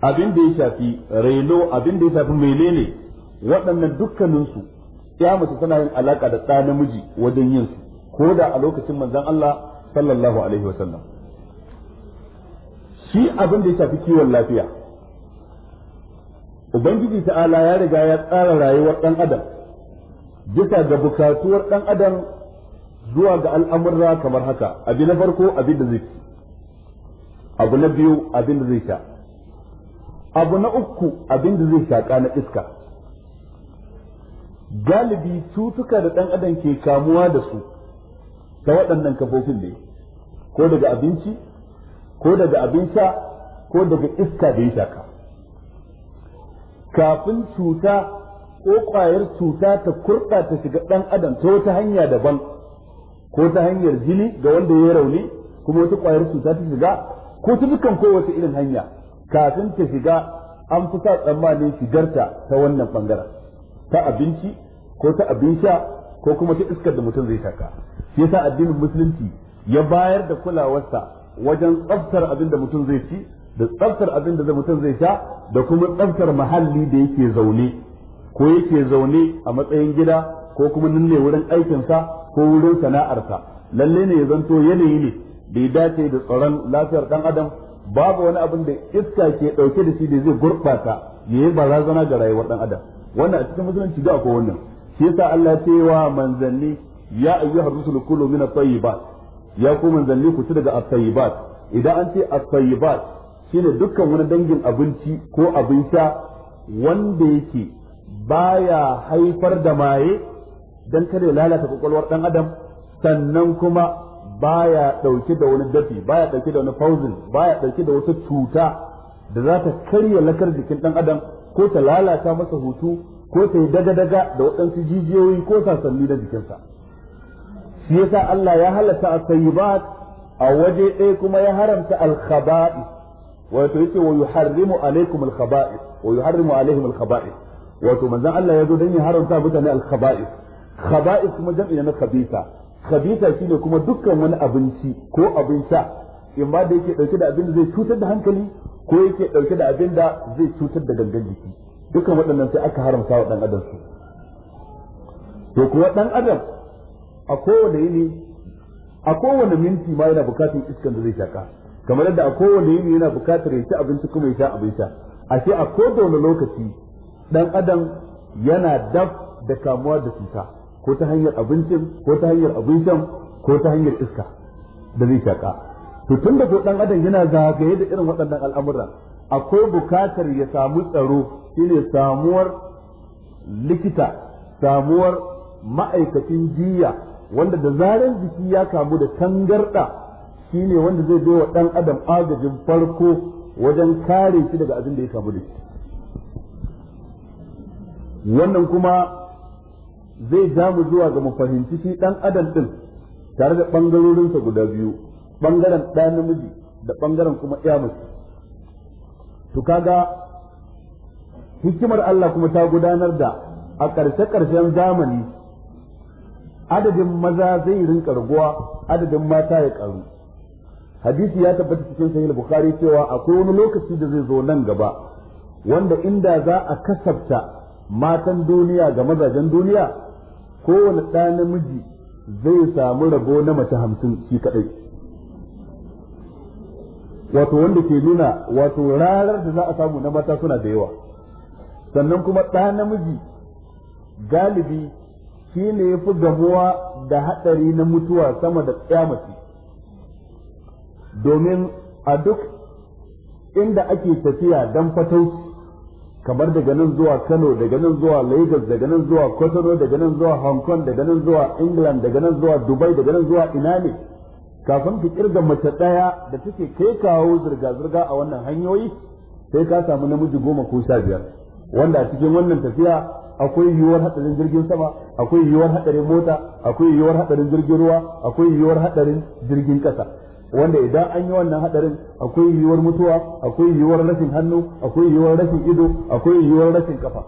abin da ya shafi reno abin da ya shafi menene waɗannan dukkaninsu ya mace tana yin alaka da ɗa namiji wajen yin su ko da a lokacin manzon Allah sallallahu alaihi wasallam shi abin da ya shafi kiwon lafiya ubangiji ta'ala ya riga ya tsara rayuwar dan adam bisa ga bukatuwar dan adam zuwa ga al'amurra kamar haka abin na farko abin da zai ci abu na biyu abin da zai sha abu na uku abin da zai shaƙa na iska galibi cutuka da ɗan adam ke kamuwa da su ta waɗannan kafofin ne ko daga abinci ko daga abin sha ko daga iska da ya shaka kafin cuta ko kwayar cuta ta kurɗa ta shiga ɗan adam ta wata hanya daban ko ta hanyar jini ga wanda ya yi rauni kuma wata kwayar cuta ta shiga ko ta dukkan kowace irin hanya kafin ta shiga an fi sa tsammanin shigarta ta wannan bangaren ta abinci ko ta abin sha ko kuma ta iskar da mutum zai shaka shi yasa addinin musulunci ya bayar da kulawarsa wajen tsaftar abin da mutum zai ci da tsaftar abin da mutum zai sha da kuma tsaftar muhalli da yake zaune ko yake zaune a matsayin gida ko kuma nan ne wurin aikinsa ko wurin sana'arsa lalle ne ya zanto yanayi ne da ya dace da tsaron lafiyar dan adam babu wani abin da iska ke dauke da shi da zai gurbata ya yi barazana ga rayuwar dan adam wannan a cikin musulunci da akwai wannan shi yasa Allah ce wa manzanni ya ayyuha rusul kullu min at-tayyibat ya ku manzanni ku ci daga at-tayyibat idan an ce at-tayyibat shine dukkan wani dangin abinci ko abin sha wanda yake baya haifar da maye don kada ya lalata kwakwalwar dan adam sannan kuma baya dauke da wani dafi baya dauke da wani fauzin baya dauke da wata cuta da za ta karya lakar jikin dan adam ko ta lalata masa hutu ko ta yi daga-daga da waɗansu jijiyoyi ko sasanni na jikinsa shi yasa Allah ya halatta a sayyibat a waje ɗaya kuma ya haramta al-khaba'i wato yake wa yuharrimu alaikum al-khaba'ith wa yuharrimu alaihim al-khaba'ith wato manzon Allah yazo dan ya haramta mutane al-khaba'ith khaba'ith kuma jam'i na khabitha khabitha shine kuma dukkan wani abinci ko abin sha in ba da yake dauke da abin da zai cutar da hankali ko yake dauke da abin da zai cutar da gangan jiki dukkan waɗannan sai aka haramta wa dan adam su to kuma dan adam a kowane yini a kowane minti ma yana bukatun iskan da zai shaka kamar yadda a kowane yini yana bukatar ya ci abinci kuma ya sha abin sha ashe a kowane lokaci dan adam yana daf da kamuwa da cuta ko ta hanyar abincin ko ta hanyar abin shan ko ta hanyar iska da zai shaka to tun da ko dan adam yana zagaye da irin waɗannan al'amura akwai bukatar ya samu tsaro shine samuwar likita samuwar ma'aikacin jiya wanda da zarar jiki ya kamu da tangarɗa ne wanda zai bai wa ɗan adam agajin farko wajen kare shi daga abin da ya kamu da shi wannan kuma zai ja mu zuwa ga mu fahimci shi ɗan adam ɗin, tare da ɓangarorinsa guda biyu ɓangaren ɗa namiji da ɓangaren kuma iyamusu. mace to kaga hikimar Allah kuma ta gudanar da a ƙarshe-ƙarshen zamani adadin maza zai rinka raguwa adadin mata ya ƙaru hadisi ya tabbata cikin sahih bukhari cewa akwai wani lokaci da zai zo nan gaba wanda inda za a kasafta matan duniya ga mazajen duniya kowane ɗa namiji zai samu rabo na mace hamsin shi kaɗai wato wanda ke nuna wato ranar da za a samu na mata suna da yawa sannan kuma ɗa namiji galibi shi ne ya fi gamuwa da haɗari na mutuwa sama da mace domin a duk inda ake tafiya dan fatau kamar daga nan zuwa Kano daga nan zuwa Lagos daga nan zuwa Kwatano daga nan zuwa Hong Kong daga nan zuwa England daga nan zuwa Dubai daga nan zuwa ina ne kafin ki kirga mace daya da take kai kawo zirga zirga a wannan hanyoyi sai ka samu namiji goma ko sha biyar wanda a cikin wannan tafiya akwai yiwuwar hadarin jirgin sama akwai yiwuwar hadarin mota akwai yiwuwar hadarin jirgin ruwa akwai yiwuwar hadarin jirgin kasa wanda idan an yi wannan hadarin akwai yiwuwar mutuwa akwai yiwuwar rashin hannu akwai yiwuwar rashin ido akwai yiwuwar rashin kafa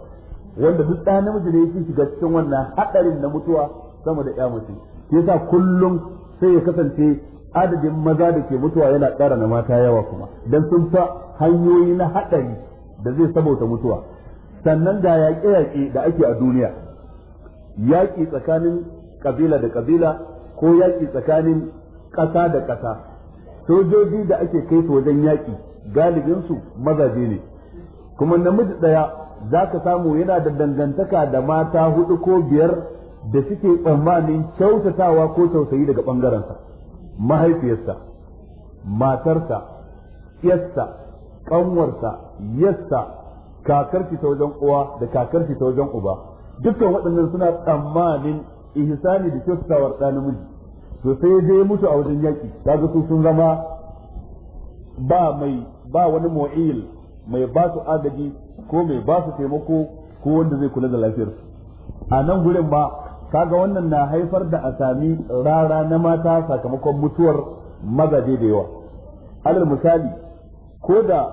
wanda duk ɗan namiji ne yake shiga cikin wannan hadarin na mutuwa sama da ya ke yasa kullum sai ya kasance adadin maza da ke mutuwa yana ƙara na mata yawa kuma dan sun fa hanyoyi na hadari da zai sabota mutuwa sannan ga yaƙe-yaƙe da ake a duniya yaƙi tsakanin ƙabila da ƙabila ko yaƙi tsakanin ƙasa da ƙasa sojoji da ake kai su wajen yaƙi galibinsu mazaje ne kuma namiji ɗaya za ka samu yana da dangantaka da mata hudu ko biyar da suke tsammanin kyautatawa ko tausayi daga ɓangarensa mahaifiyarsa matarsa yassa ƙanwarsa yassa kakarci ta wajen uwa da kakarci ta wajen uba dukkan waɗannan suna tsammanin ihsani da kyautatawar ɗa namiji to sai je mutu a wajen yaƙi, kaga su sun zama ba mai ba wani mu'il mai ba su agaji ko mai ba su taimako ko wanda zai kula da lafiyar a nan gurin ba kaga wannan na haifar da a sami rara na mata sakamakon mutuwar mazaje da yawa alal misali ko da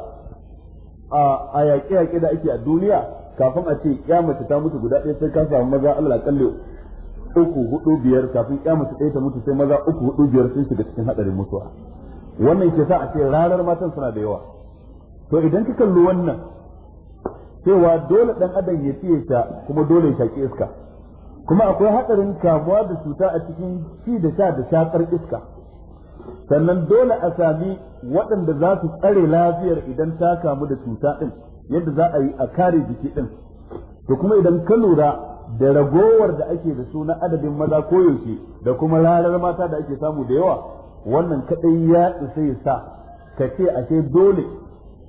a yaƙe-yaƙe da ake a duniya kafin a ce ya mace ta mutu guda ɗaya sai ka samu maza Allah ƙalle. uku hudu biyar kafin ya ɗaya ta mutu sai maza uku hudu biyar sun shiga cikin hadarin mutuwa wannan ke sa a ce ranar matan suna da yawa to idan ka kalli wannan cewa dole dan adam ya fiye ta kuma dole ya shaki iska kuma akwai hadarin kamuwa da cuta a cikin ci da sha da shakar iska sannan dole a sami waɗanda za su tsare lafiyar idan ta kamu da cuta ɗin yadda za a yi a kare jiki ɗin? to kuma idan ka lura da ragowar da ake da su na adadin maza ko da kuma larar mata da ake samu da yawa wannan kadai ya ya sa ka ce a ce dole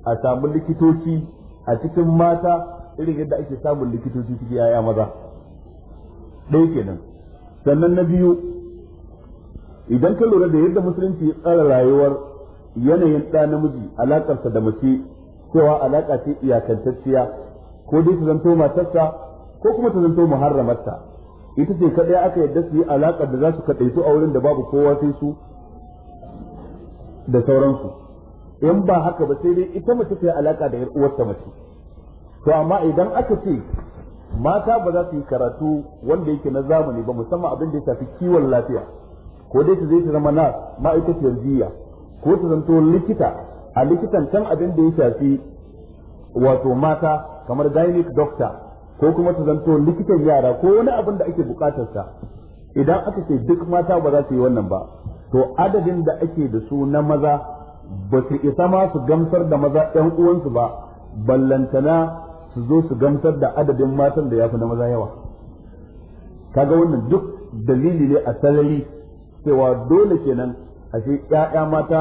a samu likitoci a cikin mata irin yadda ake samun likitoci cikin yaya maza ɗaya kenan sannan na biyu idan ka lura da yadda musulunci ya tsara rayuwar yanayin ɗa namiji alaƙarsa da mace cewa alaƙa ce iyakantacciya ko dai su zanto matarsa ko kuma ta zanto muharramarta ita ce kadai aka yadda su yi alaƙar da za su kaɗaitu a wurin da babu kowa sai su da sauransu in ba haka ba sai dai ita mace ta yi alaƙa da 'yar uwarta mace to amma idan aka ce mata ba za su yi karatu wanda yake na zamani ba musamman abin da ya shafi kiwon lafiya ko dai ta zai ta zama na ma'aikaciyar jiya ko ta zanto likita a likitan can abin da ya shafi wato mata kamar gynec doctor ko kuma ta zanto likitan yara ko wani abin da ake bukatarsa idan aka ce duk mata ba za su yi wannan ba to adadin da ake da su na maza ba su isa ma su gamsar da maza ɗan uwansu ba ballantana su zo su gamsar da adadin matan da ya fi na maza yawa kaga wannan duk dalili ne a sarari cewa dole kenan ce ƴaƴa mata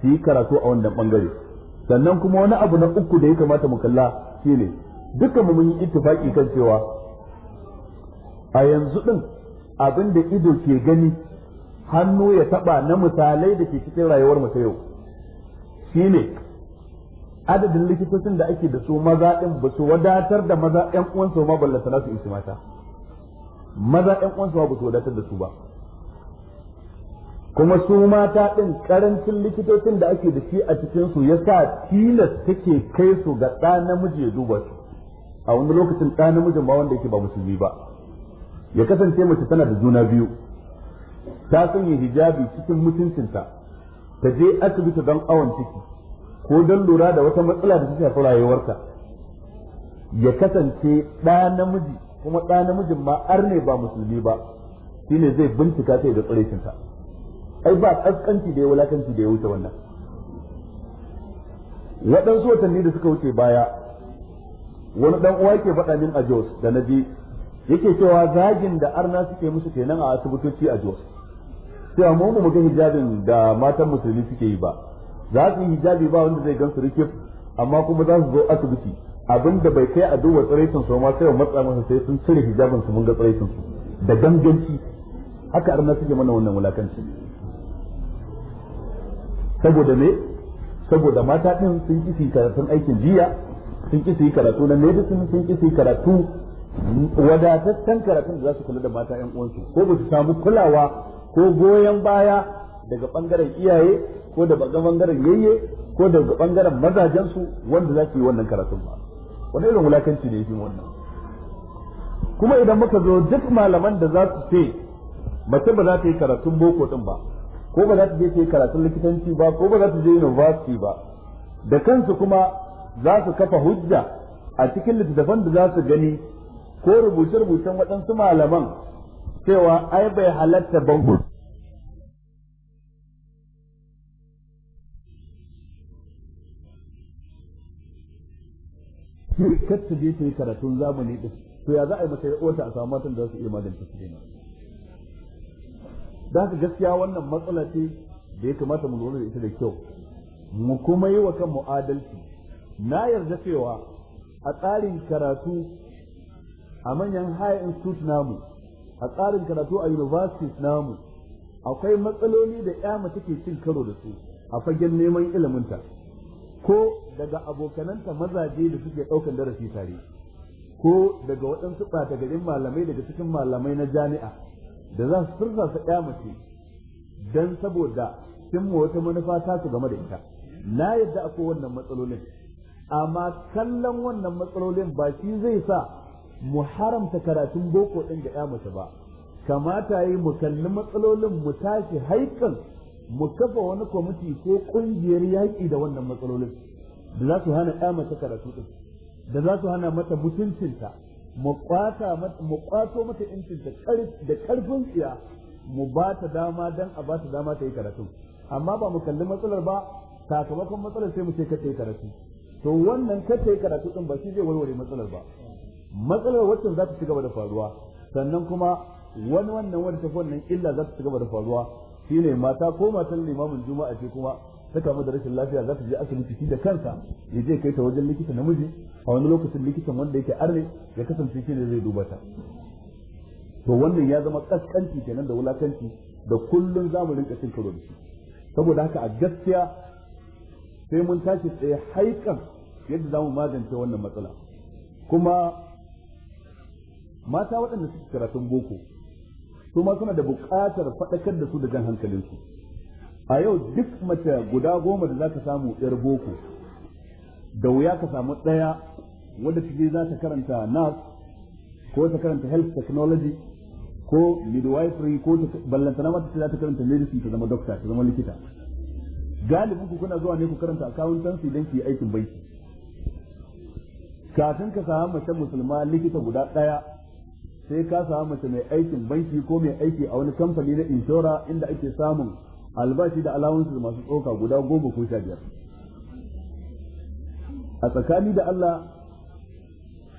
su yi karatu a wannan bangare sannan kuma wani abu na uku da ya kamata mu kalla shine dukkan mu mun yi ittifaki kan cewa a yanzu din abin da ido ke gani hannu ya taba na misalai da ke cikin rayuwar mu ta yau shine adadin likitocin da ake da su maza din ba su wadatar da maza ƴan uwansu ma ballata nasu isi mata maza ƴan uwansu ba su wadatar da su ba kuma su mata ɗin karancin likitocin da ake da shi a cikinsu ya sa tilas take kai su ga ɗa namiji ya duba su a wani lokacin ɗa namijin ba wanda yake ba musulmi ba ya kasance mace tana da juna biyu ta sanya hijabi cikin mutuncinta ta je asibiti don awon ciki ko don lura da wata matsala da ta shafi rayuwarta ya kasance ɗa namiji kuma ɗa namijin ma arne ba musulmi ba shine zai bincika ta da tsirecinta ai ba kaskanci da ya wulakanci da ya wuce wannan waɗansu watanni da suka wuce baya wani dan uwa yake faɗa min a Jos da na bi yake cewa zagin da arna suke musu kenan a asibitoci a Jos cewa mu mu ga hijabin da matan musulmi suke yi ba za su yi hijabi ba wanda zai gansu su rikif amma kuma za su zo asibiti abinda bai kai a duba tsiraitin su ma sai matsa masa sai sun cire hijabin su mun ga tsiraitin su da ganganci haka arna suke mana wannan wulakanci saboda me saboda mata din sun kisi karatun aikin jiya sun ƙi su yi karatu na medicine sun ƙi su yi karatu wadataccen karatun da za su kula da mata yan uwansu ko ba su samu kulawa ko goyon baya daga bangaren iyaye ko da daga bangaren yayye ko daga bangaren mazajen su wanda za su yi wannan karatun ba wani irin wulakanci ne yake wannan kuma idan muka zo duk malaman da za su ce mace ba za ta yi karatun boko din ba ko ba za ta je ta yi karatun likitanci ba ko ba za ta je university ba da kansu kuma za su kafa hujja a cikin littattafan da za su gani ko rubuce-rubucen waɗansu malaman cewa ai bai halatta banku kar ta je ta yi karatun zamani ɗin, to ya za a yi mata wata a samu matan da za su iya magance su kenan da haka gaskiya wannan matsala ce da ya kamata mu lura da ita da kyau mu kuma yi wa kanmu adalci na yarda cewa a tsarin karatu a manyan high institute namu a tsarin karatu a universities namu akwai matsaloli da yama take cin karo da su a fagen neman iliminta ko daga abokananta mazaje da suke ɗaukan darasi tare ko daga waɗansu garin malamai daga cikin malamai na jami'a da za su fursa su mace don saboda cimma wata manufa ta su game da ita na yadda akwai wannan matsalolin amma kallon wannan matsalolin ba shi zai sa mu haramta karatun boko ɗin da 'ya mace ba kamata yi mu kalli matsalolin mu tashi haikan mu kafa wani kwamiti ko ƙungiyar yaƙi da wannan matsalolin da za su hana 'ya mace karatu ɗin da za su hana mata mutuncinta mu kwato mata incinta da ƙarfin tsiya mu ba ta dama don a ba ta dama ta yi karatu amma ba mu kalli matsalar ba sakamakon matsalar sai mu ce ka ta yi karatu to wannan kace karatu din ba shi zai warware matsalar ba matsalar wacce za ta ci gaba da faruwa sannan kuma wani wannan wani ta wannan illa za ta ci gaba da faruwa shine mata ko matan limamin juma'a ce kuma ta kamu da rashin lafiya za ta je asibiti shi da kansa ya je kai ta wajen likita namiji a wani lokacin likitan wanda yake arne ya kasance shi ne zai duba ta to wannan ya zama kaskanci kenan da wulakanci da kullun mu rinka cin karo da shi saboda haka a gaskiya sai mun tashi tsaye haikan yadda za mu magance wannan matsala kuma mata waɗanda suke karatun boko su ma suna da buƙatar faɗakar da su da jan hankalinsu a yau duk mace guda goma da za ka samu ɗayar boko da wuya ka samu ɗaya wadda ta za ta karanta nas ko ta karanta health technology ko midwifery ko ballantana mata za ta karanta medicine ta zama dokta ta zama likita galibin ku kuna zuwa ne ku karanta accountancy don ki aikin banki kafin ka samu mace musulma likita guda ɗaya sai ka samu mace mai aikin banki ko mai aiki a wani kamfani na inshora inda ake samun albashi da alawansu masu tsoka guda goma ko sha biyar a tsakani da Allah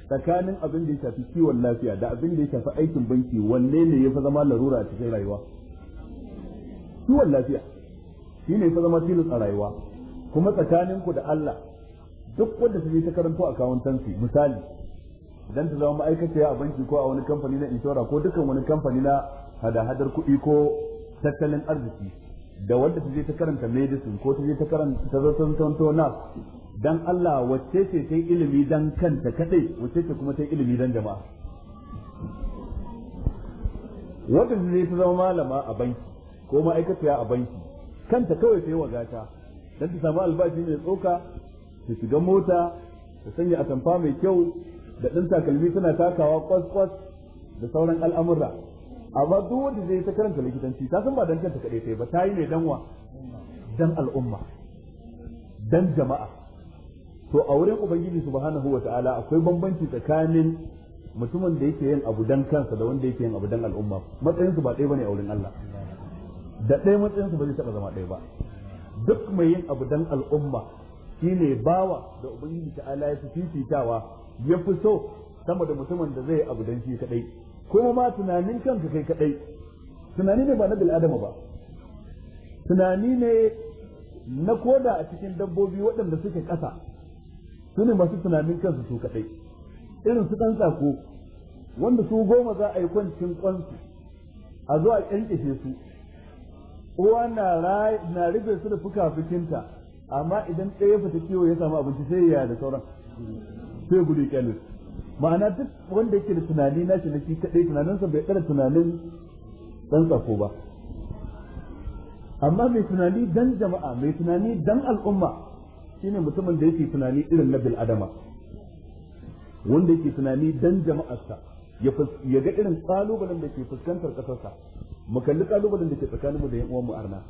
tsakanin abin da ya shafi kiwon lafiya da abin da ya shafi aikin banki wanne ne ya fi zama larura a cikin rayuwa kiwon lafiya shi ne ya fi zama tilas a rayuwa kuma tsakaninku da Allah duk wanda su je ta karanto kawuntansu misali idan ta zama ma'aikaciya a banki ko a wani kamfani na inshora ko dukkan wani kamfani na hada-hadar kuɗi ko tattalin arziki da wanda ta je ta karanta medicine ko ta je ta karanta ta zanto na dan Allah wacce ce ta ilimi dan kanta kadai wacce ce kuma ta ilimi dan jama'a wanda ta je ta zama malama a banki ko ma'aikaciya a banki kanta kawai ta yi wagata dan ta samu albashi mai tsoka ta shiga mota ta sanya atamfa mai kyau da ɗan takalmi suna takawa kwas-kwas da sauran A amma duk wanda zai ta karanta likitanci ta san ba dan kanta kaɗai ta ba ta yi ne dan wa dan al'umma dan jama'a to a wurin ubangiji subhanahu wa ta'ala akwai bambanci tsakanin mutumin da yake yin abu dan kansa da wanda yake yin abu dan al'umma matsayin su ba ɗaya bane a wurin Allah da ɗaya matsayin su ba zai taɓa zama ɗaya ba duk mai yin abu dan al'umma Shi ne bawa da ubangiji ta'ala ya fi fifitawa ya fi so sama da mutumin da zai abu dan shi kadai kuma ma tunanin kanka kai kadai tunani ne ba na bil ba tunani ne na koda a cikin dabbobi waɗanda suke ƙasa su ne masu tunanin kansu su kaɗai, irin su ɗan tsako wanda su goma za a yi kwancin kwansu a zo a ƙyanƙyashe su uwa na rufe su da fuka-fukinta amma idan ɗaya ya fita kiwo ya samu abinci sai ya da sauran sai gudu ya ma'ana duk wanda yake da tunani na shi na shi kaɗai tunaninsa bai ɗara tunanin ɗan tsako ba amma mai tunani dan jama'a mai tunani dan al'umma shine mutumin da yake tunani irin na bil'adama wanda yake tunani dan jama'arsa ya ga irin kalubalen da ke fuskantar kasarsa mu kalli kalubalen da ke tsakaninmu da yan uwanmu arna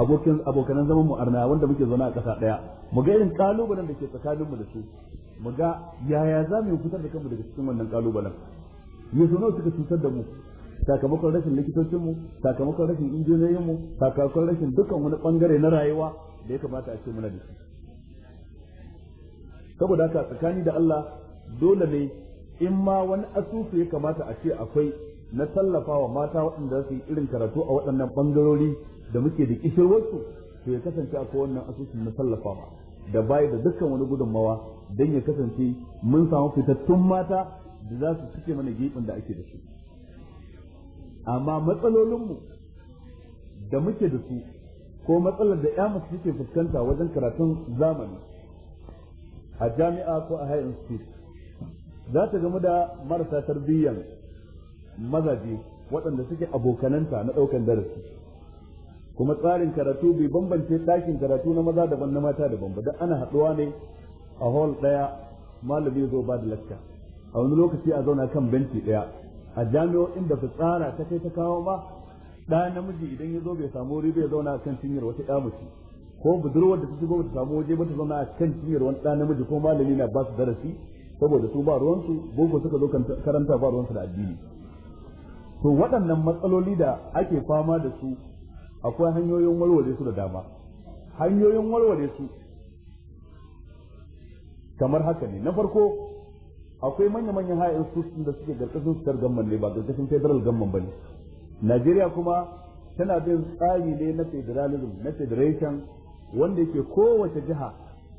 abokin abokanan zaman mu arna wanda muke zauna a ƙasa ɗaya mu ga irin kalubalen da ke tsakanin mu da su mu ga yaya za mu fitar da kanmu daga cikin wannan kalubalen ya zo suka cutar da mu sakamakon rashin likitocin mu sakamakon rashin injiniyoyin mu sakamakon rashin dukkan wani bangare na rayuwa da ya kamata a ce muna da shi saboda haka tsakani da Allah dole ne in ma wani asusu ya kamata a ce akwai na tallafawa mata waɗanda su yi irin karatu a waɗannan bangarori da muke da kishirwarsu to ya kasance a wannan asusun na tallafawa da bayi da dukkan wani gudunmawa don ya kasance mun samu fitattun mata da za su cike mana gefen da ake da su. amma matsalolinmu da muke da su ko matsalar da ya masu suke fuskanta wajen karatun zamani a jami'a ko a high institute za ta gamu da marasa tarbiyyar mazaje waɗanda suke abokananta na ɗaukan darasi kuma tsarin karatu bai bambance ɗakin karatu na maza daban na mata daban ba don ana haɗuwa ne a hall ɗaya malami zo ba da lakka a wani lokaci a zauna kan benci ɗaya a jami'o'in da su tsara ta kai ta kawo ba. ɗa namiji idan ya zo bai samu wuri bai zauna kan cinyar wata ɗa mace ko budurwar da ta shigo ta samu waje ba ta zauna a kan cinyar wani ɗa namiji ko malami na ba su darasi saboda su ba ruwansu boko suka zo karanta ba ruwansu da addini to waɗannan matsaloli da ake fama da su akwai hanyoyin warware su da dama hanyoyin warware su kamar haka ne na farko akwai manya-manyan hayan sussun da suke garkashin sukar gamman ne ba garkashin federal gamman ba ne najeriya kuma tana bin tsari ne na federalism na federation wanda yake kowace jiha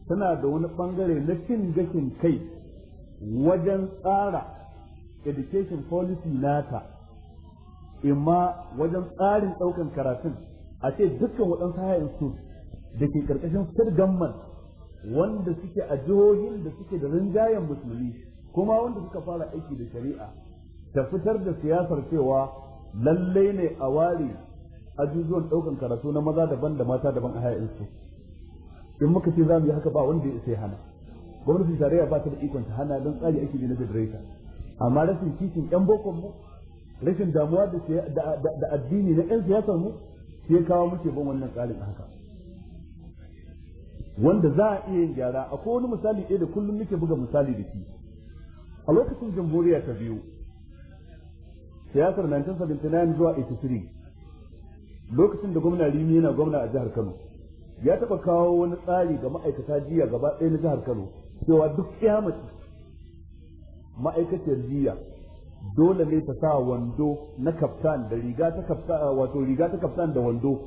tana da wani bangare na cin gashin kai wajen tsara education policy nata imma wajen tsarin daukan karatun a ce dukkan waɗansu hayan su da ke ƙarƙashin sirgan man wanda suke a jihohin da suke da rinjayen musulmi kuma wanda suka fara aiki da shari'a ta fitar da siyasar cewa lallai ne a ware ajujuwan ɗaukan karatu na maza daban da mata daban a hayan su in muka ce za mu yi haka ba wanda ya sai hana gwamnatin tarayya ba ta da ikon ta hana don tsari aiki ne na federation amma rashin kishin yan bokon mu rashin damuwa da addini na yan siyasar mu shi kawo muke ban wannan tsarin haka wanda za a iya yin gyara akwai wani misali ɗaya da kullum muke buga misali da shi a lokacin jamhuriya ta biyu siyasar 1979 zuwa 83 lokacin da gwamna rimi yana gwamna a jihar kano ya taɓa kawo wani tsari ga ma'aikata jiya gaba ɗaya na jihar kano cewa duk kyamati ma'aikatar jiya dole ne ta sa wando na kaftan da riga ta kafta wato riga ta kaftan da wando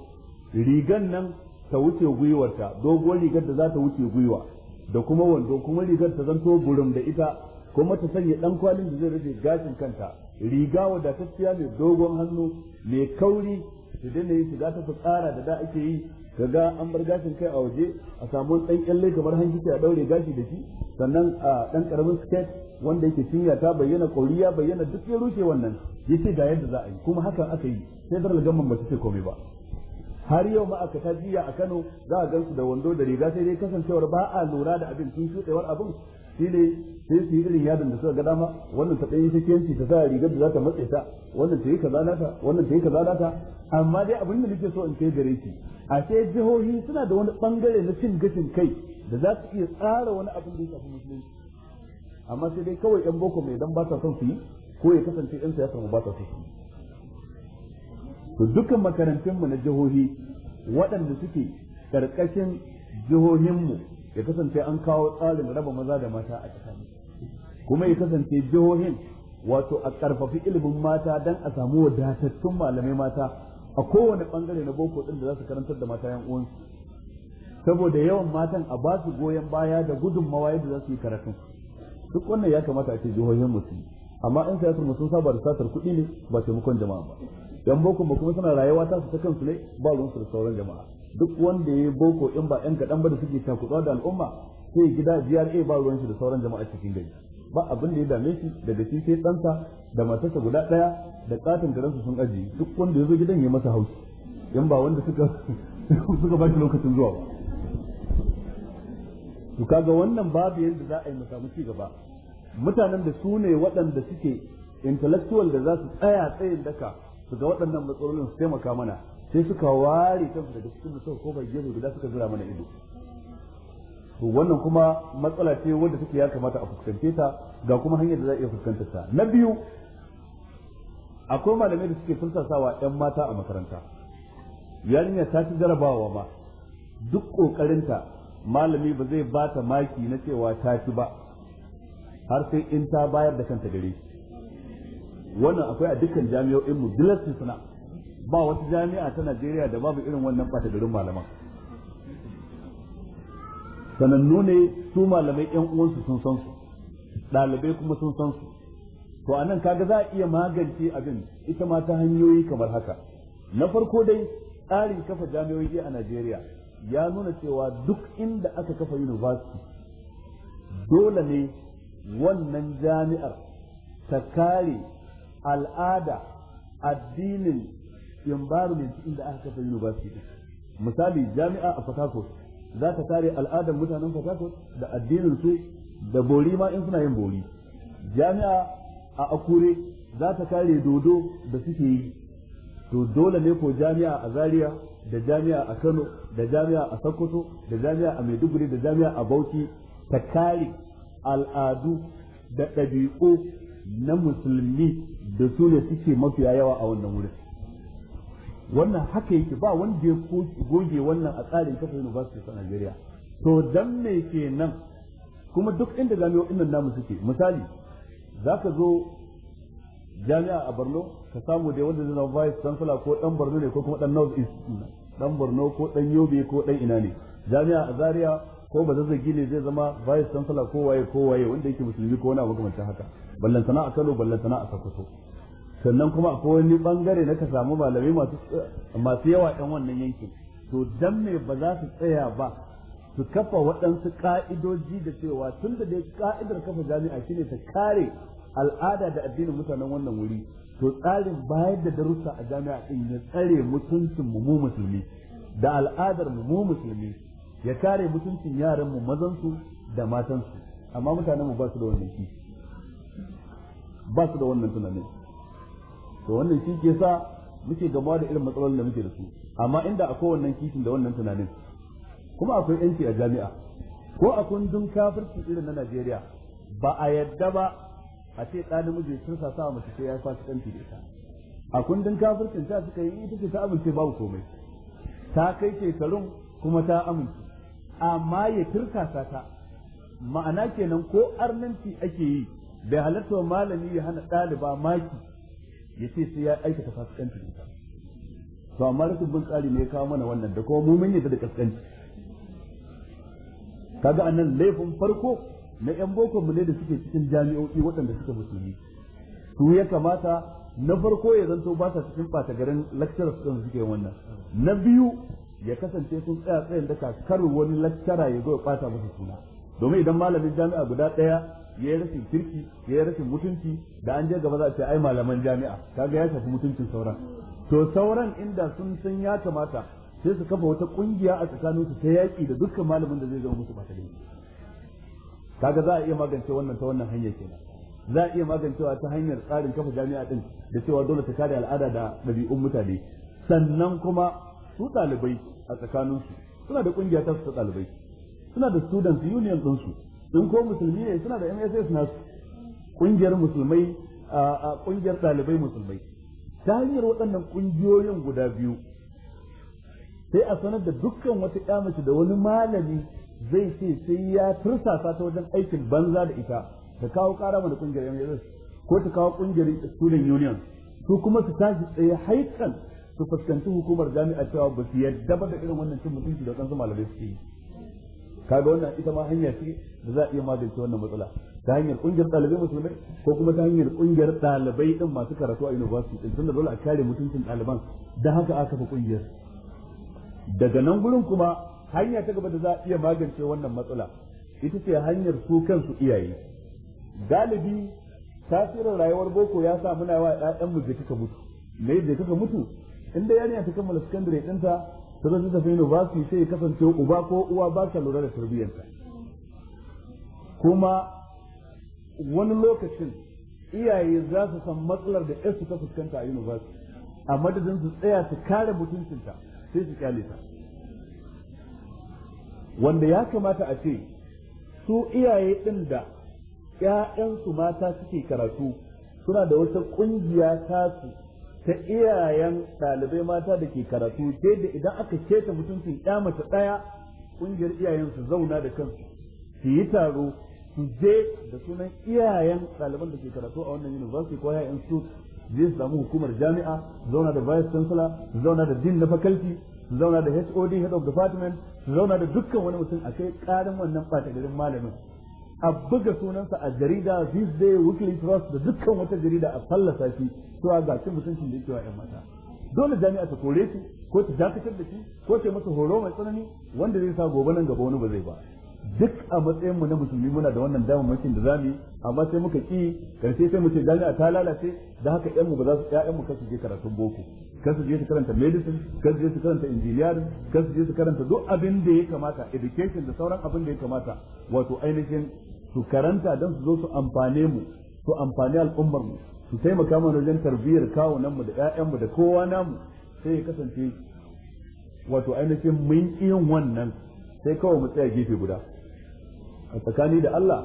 rigan nan ta wuce gwiwarta dogon rigar da za ta wuce gwiwa da kuma wando kuma rigar ta zanto burum da ita kuma ta sanya dan kwalin da zai rage gashin kanta riga ta wadatacciya mai dogon hannu mai kauri ta daina yi shiga ta tsara da da ake yi ga an bar gashin kai a waje a samu dan kyalle kamar hankici a daure gashi da shi sannan a dan karamin skirt wanda yake cinya ta bayyana kauri ya bayyana duk ya rushe wannan yace ga yadda za a yi kuma hakan aka yi sai daral gamman ba ce komai ba har yau ma aka tajiya a Kano za a gansu da wando da riga sai dai kasancewar ba a lura da abin sun shudewar abin shi ne sai su yi irin yadin da suka ga dama wannan ta ɗaya cikin ta sa rigar da za ta matse ta wannan ta yi kaza nata wannan ta yi kaza nata amma dai abin da nake so in kai gare ki a sai jihohi suna da wani bangare na cin gashin kai da za su iya tsara wani abin da ya shafi musulunci amma sai dai kawai yan boko mai dan ba ta son su yi ko ya kasance yan ya mu ba ta son su yi to dukkan makarantun mu na jihohi waɗanda suke karkashin jihohin mu ya kasance an kawo tsarin raba maza da mata a tsakani kuma ya kasance jihohin wato a karfafi ilimin mata dan a samu wadatattun malamai mata a kowane bangare na boko ɗin da za su karantar da mata yan uwansu saboda yawan matan a ba su goyon baya da gudunmawa yadda za su yi karatun duk wannan ya kamata a ce jihohin musu amma in siyasar mu sun saba da satar kuɗi ne ba taimakon jama'a ba yan boko ba kuma suna rayuwa ta su ta kansu ne ba ruwan su da sauran jama'a duk wanda ya boko in ba yan kaɗan ba da suke takutsuwa da al'umma sai gida GRA ba ruwan shi da sauran jama'a cikin gari ba abin da ya dame shi daga shi sai ɗansa da matarsa guda ɗaya da katin garinsu sun ajiye duk wanda ya zo gidan ya masa haushi yan ba wanda suka suka ba shi lokacin zuwa ba to kaga wannan babu yadda za a yi mu ci gaba mutanen da su ne waɗanda suke intellectual da za su tsaya tsayin daka su ga waɗannan matsalolin su taimaka mana sai suka ware kansu daga cikin da suka koma gefe guda suka zura mana ido to wannan kuma matsala ce wanda take ya kamata a fuskance ta ga kuma hanyar da za a iya fuskantar ta na biyu akwai malamai da suke fursasawa yan mata a makaranta yarinya ta ci jarabawa ma duk kokarinta malami ba zai ba ta maki na cewa ta fi ba har sai in ta bayar da kanta gare shi wannan akwai a dukkan jami'o'in mu dilastin suna ba wata jami'a ta Najeriya da babu irin wannan ɓata garin malaman sanannu ne su malamai yan uwansu sun san su ɗalibai kuma sun san su to a nan kaga za a iya magance abin ita ma ta hanyoyi kamar haka na farko dai tsarin kafa jami'o'i a Najeriya ya nuna cewa duk inda aka kafa university dole ne wannan jami'ar ta kare al'ada addinin environment inda aka kafa university misali jami'a a Port za ta kare al'adar mutanen Port da addinin su da bori ma in suna yin bori jami'a a Akure za ta kare dodo da suke yi to dole ne ko jami'a a Zaria da jami'a a Kano da jami'a a Sokoto da jami'a a Maiduguri da jami'a a Bauchi ta kare al'adu da ɗabi'u na musulmi da su ne suke mafiya yawa a wannan wurin wannan haka yake ba wanda ya goge wannan a tsarin kafa university a Najeriya to dan me kenan kuma duk inda jami'o'in nan namu suke misali zaka zo jami'a a Borno ka samu dai wanda zai zama vice chancellor ko dan Borno ne ko kuma dan North East dan Borno ko dan Yobe ko dan ina ne jami'a a Zaria ko ba zazzagi ne zai zama vice chancellor ko waye ko waye wanda yake musulmi ko wani abu kamar haka ballan sana'a Kano ballan sana'a Sokoto sannan kuma akwai wani bangare na ka samu malamai masu masu yawa ɗan wannan yankin to dan me ba za su tsaya ba su kafa waɗansu ka'idoji da cewa tun da dai ka'idar kafa jami'a shine ta kare al'ada da addinin mutanen wannan wuri to tsarin bayar da darussa a jami'a din ya tsare mutuncin mu mu musulmi da al'adar mu mu musulmi ya kare mutuncin yaran mu mazan su da matan su amma mutanen mu ba su da wannan shi ba su da wannan tunanin to wannan shi ke sa muke gaba da irin matsalolin da muke da su amma inda akwai wannan kishin da wannan tunanin kuma akwai yanci a jami'a ko a kundin kafirci irin na Najeriya ba a yadda ba a ce ɗa namiji sun sa sa mace sai ya kwasu kanti da ita a kundin kafircin ta suka yi ita ce ta amince babu komai ta kai shekarun kuma ta amince amma ya turkasa ta ma'ana kenan ko arnanci ake yi bai halatta malami ya hana ɗaliba maki ya ce sai ya aikata fasikanci da ita to amma rashin bin tsari ne ya kawo mana wannan da kuma mu mun yadda da kaskanci kaga annan laifin farko na yan boko mu ne da suke cikin jami'o'i waɗanda suka musulmi su ya kamata na farko ya zanto ba sa cikin ɓata garin lecturers ɗin suke wannan na biyu ya kasance sun tsaya tsayin daka kar wani lecturer ya zo ya ɓata musu suna domin idan malamin jami'a guda ɗaya ya yi rashin kirki ya yi rashin mutunci da an je gaba za a ce ai malaman jami'a kaga ya shafi mutuncin sauran to sauran inda sun san ya kamata sai su kafa wata kungiya a tsakaninsu ta yaƙi da dukkan malamin da zai zama musu batale kaga za a iya magance wannan ta wannan hanyar kenan za a iya magancewa ta hanyar tsarin kafa jami'a din da cewa dole ta kare al'ada da ɗabi'un mutane sannan kuma su ɗalibai a tsakaninsu suna da kungiya ta su ɗalibai suna da students union din su in ko musulmi ne suna da MSS na su ƙungiyar musulmai a ƙungiyar ɗalibai musulmai ta hanyar waɗannan kungiyoyin guda biyu sai a sanar da dukkan wata ƙyamace da wani malami zai ce sai ya tursasa ta wajen aikin banza da ita ta kawo kara mana kungiyar MAS ko ta kawo kungiyar student union su kuma su tashi tsaye haikan su fuskanci hukumar jami'a cewa ba su yadda ba da irin wannan cin mutunci da kansu malamai suke yi kaga wannan ita ma hanya ce da za a iya magance wannan matsala ta hanyar kungiyar ɗalibai musulmai ko kuma ta hanyar kungiyar ɗalibai din masu karatu a university din tunda dole a kare mutuncin ɗaliban da haka aka fi kungiyar daga nan gurin kuma hanya ta gaba da za a iya magance wannan matsala ita ce hanyar su kansu iyaye galibi tasirin rayuwar boko ya sa muna wa mu da kika mutu me da kika mutu inda yarinya ta kammala sakandare ɗinta ta zo ta tafi su sai kasance uba ko uwa ba ta lura da tarbiyyarta kuma wani lokacin iyaye za su san matsalar da ƴarsu ta fuskanta a university a madadin su tsaya su kare mutuncinta sai su kyale ta wanda ya kamata a ce su iyaye ɗin da ‘ya'yansu mata suke karatu suna da wata ƙungiya tasu ta iyayen ɗalibai mata da ke karatu sai da idan aka keta mutuncin ‘ya mace ɗaya ƙungiyar iyayen su zauna da kansu su yi taro su je da sunan iyayen ɗaliban da ke karatu a wannan university ko ‘ya'yan su zai samu hukumar jami'a zauna da vice chancellor zauna da din na faculty zauna da HOD head of department su zauna da dukkan wani mutum a kai karin wannan bata garin malamin a buga sunansa a jarida this day weekly trust da dukkan wata jarida a fallasa shi to ga cin mutuncin da yake wa yan mata dole jami'a ta kore shi ko ta dakatar da shi ko ta masa horo mai tsanani wanda zai sa gobe nan gaba wani ba zai ba duk a matsayin mu na musulmi muna da wannan mulkin da zamu amma sai muka ki karshe sai mu ce jami'a ta lalace da haka ƴan mu ba za su ƴaƴan mu kar su je karatun boko kasu je su karanta medicine kasu je su karanta engineering kasu su je su karanta duk abin da ya kamata education da sauran abin da ya kamata wato ainihin su karanta don su zo su amfane mu su amfani al'ummar mu su taimaka mana wajen tarbiyyar kawunan mu da ƴaƴan mu da kowa namu sai ya kasance wato ainihin mun yin wannan sai kawai mu tsaya gefe guda a tsakani da Allah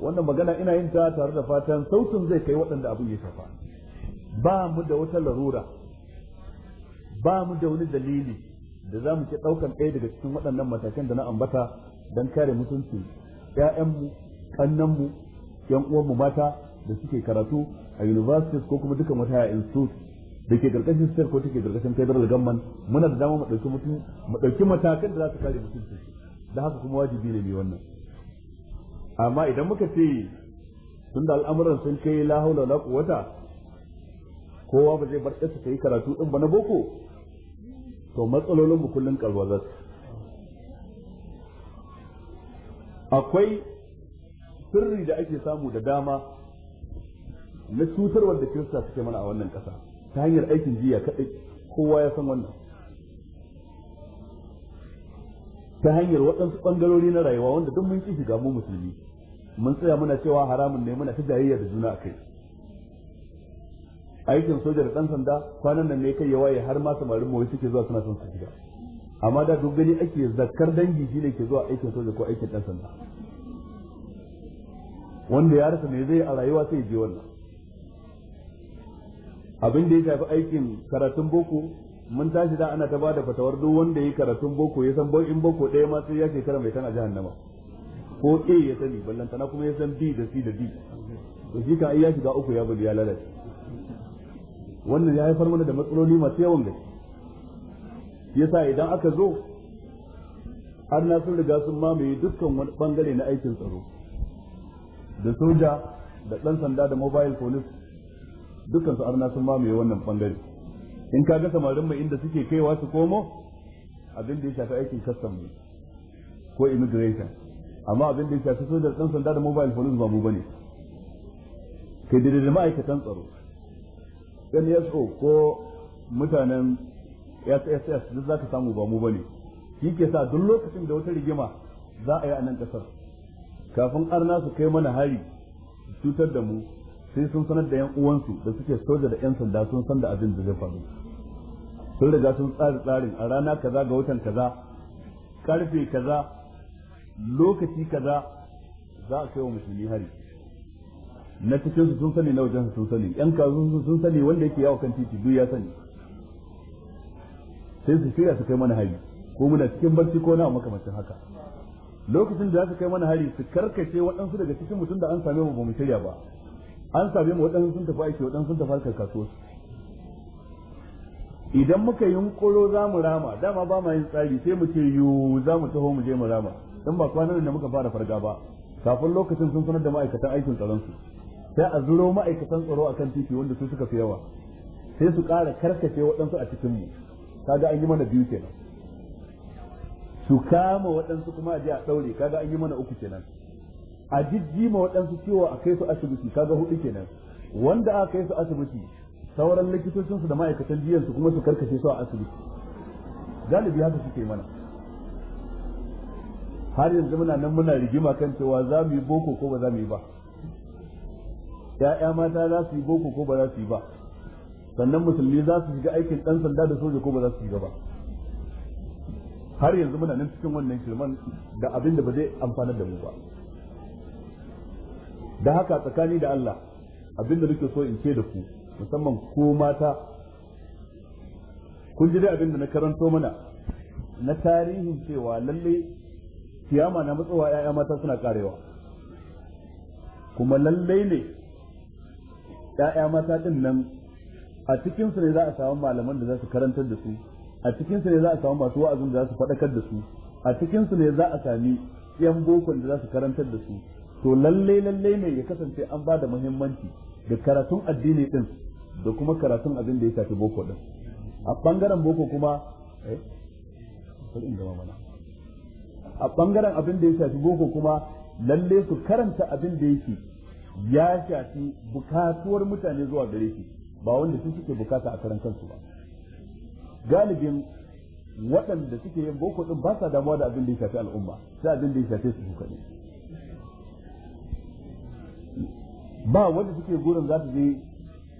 wannan magana ina yin ta tare da fatan sautin zai kai waɗanda abin ya shafa ba mu da wata larura ba mu da wani dalili da za mu ke ɗaukan ɗaya daga cikin waɗannan matakan da na ambata don kare mutunci ‘ya'yanmu ƙannanmu, ‘yan uwanmu mata da suke karatu a universities ko kuma dukkan wata su da ke ƙarƙashin state ko take karkashin federal government muna da dama mu matakan da za su kare mutunci da haka kuma wajibi ne mai wannan amma idan muka ce da al'amuran sun kai lahaula na kuwata kowa ba zai bar ƙasa ta yi karatu ɗin ba na boko to matsalolin mu kullum kalwazar akwai sirri da ake samu da dama na cutar da kirista suke mana a wannan ƙasa ta hanyar aikin jiya kaɗai kowa ya san wannan ta hanyar waɗansu ɓangarori na rayuwa wanda duk mun ƙi shiga mu musulmi mun tsaya muna cewa haramun ne muna ta jayayya da juna kai. aikin soja da dan sanda kwanan nan ne kai ya waye har ma samarin mawai suke zuwa suna son su shiga amma da duk gani ake zakkar dangi shi ne ke zuwa aikin soja ko aikin dan sanda wanda ya rasa ne zai a rayuwa sai je wannan abin da ya shafi aikin karatun boko mun tashi da ana ta bada fatawar duk wanda ya karatun boko ya san in boko ɗaya ma sai ya shekara mai tana a jahannama ko a ya sani ballantana kuma ya san b da c da d to shi ka ya shiga uku ya bari ya lalace wannan ya haifar mana da matsaloli masu yawan gaske yasa idan aka zo har na sun riga sun mamaye dukkan wani bangare na aikin tsaro da soja da ɗan sanda da mobile police dukkan su arna sun mamaye wannan bangare in ka ga samarin mai inda suke kaiwa su komo abin da ya shafi aikin customs ko immigration amma abin da ya shafi sojar ɗan sanda da mobile police ba mu bane kai da da ma'aikatan tsaro NSO ko mutanen SSS duk za ka samu ba mu bane shi ke sa duk lokacin da wata rigima za a yi a nan ƙasar kafin arna su kai mana hari cutar da mu sai sun sanar da 'yan uwansu da suke soja da 'yan sanda sun san da abin da zai faru sun riga sun tsari tsarin a rana kaza ga watan kaza karfe kaza lokaci kaza za a kai wa musulmi hari na cikin su sun sani na wajen sun sani yan kazu sun sani wanda yake yawo kan titi duk ya sani sai su shirya su kai mana hari ko muna cikin barci ko na makamacin haka lokacin da za su kai mana hari su karkace waɗansu daga cikin mutum da an same mu ba mu shirya ba an same mu waɗansu sun tafi aiki waɗansu sun tafi harkar kasuwa idan muka yunkuro za mu rama dama ba ma yin tsari sai mu ce yu za mu taho mu je mu rama dan ba kwanan da muka fara farga ba kafin lokacin sun sanar da ma'aikatan aikin tsaron sai a zuro ma'aikatan tsaro akan titi wanda su suka fi yawa sai su ƙara karkace waɗansu a cikin mu kaga an yi mana biyu kenan su kama waɗansu kuma a ji a ɗaure kaga an yi mana uku kenan a jijjima waɗansu ciwo a kai su asibiti kaga hudu kenan wanda aka kai su asibiti sauran likitocinsu da ma'aikatan jiyansu kuma su karkace su a asibiti galibi haka suke mana har yanzu muna nan muna rigima kan cewa za mu yi boko ko ba za mu yi ba ya'ya mata za su yi boko ko ba za su yi ba sannan musulmi za su shiga aikin dan sanda da soja ko ba za su shiga ba har yanzu muna nan cikin wannan shirman da abin da ba zai amfana da mu ba da haka tsakani da Allah abin da nake so in ce da ku musamman ko mata kun ji dai abin da na karanto mana na tarihin cewa lalle kiyama na matsowa ƴaƴa mata suna karewa kuma lallai ne ƴaƴa mata din nan a cikin su ne za a samu malaman da za su karantar da su a cikin su ne za a samu masu wa'azin da za su faɗakar da su a cikin su ne za a sami yan bokon da za su karantar da su to lalle lalle ne ya kasance an ba da muhimmanci da karatun addini din da kuma karatun abin da ya shafi boko din a bangaren boko kuma eh in gama mana a bangaren abin da ya shafi boko kuma lalle su karanta abin da yake ya shafi bukatuwar mutane zuwa gare shi ba wanda su suke bukata a karan kansu ba galibin waɗanda suke yin boko din ba sa damuwa da abin da ya shafi al'umma sai abin da ya shafi su suka ne ba wanda suke gurin za ta je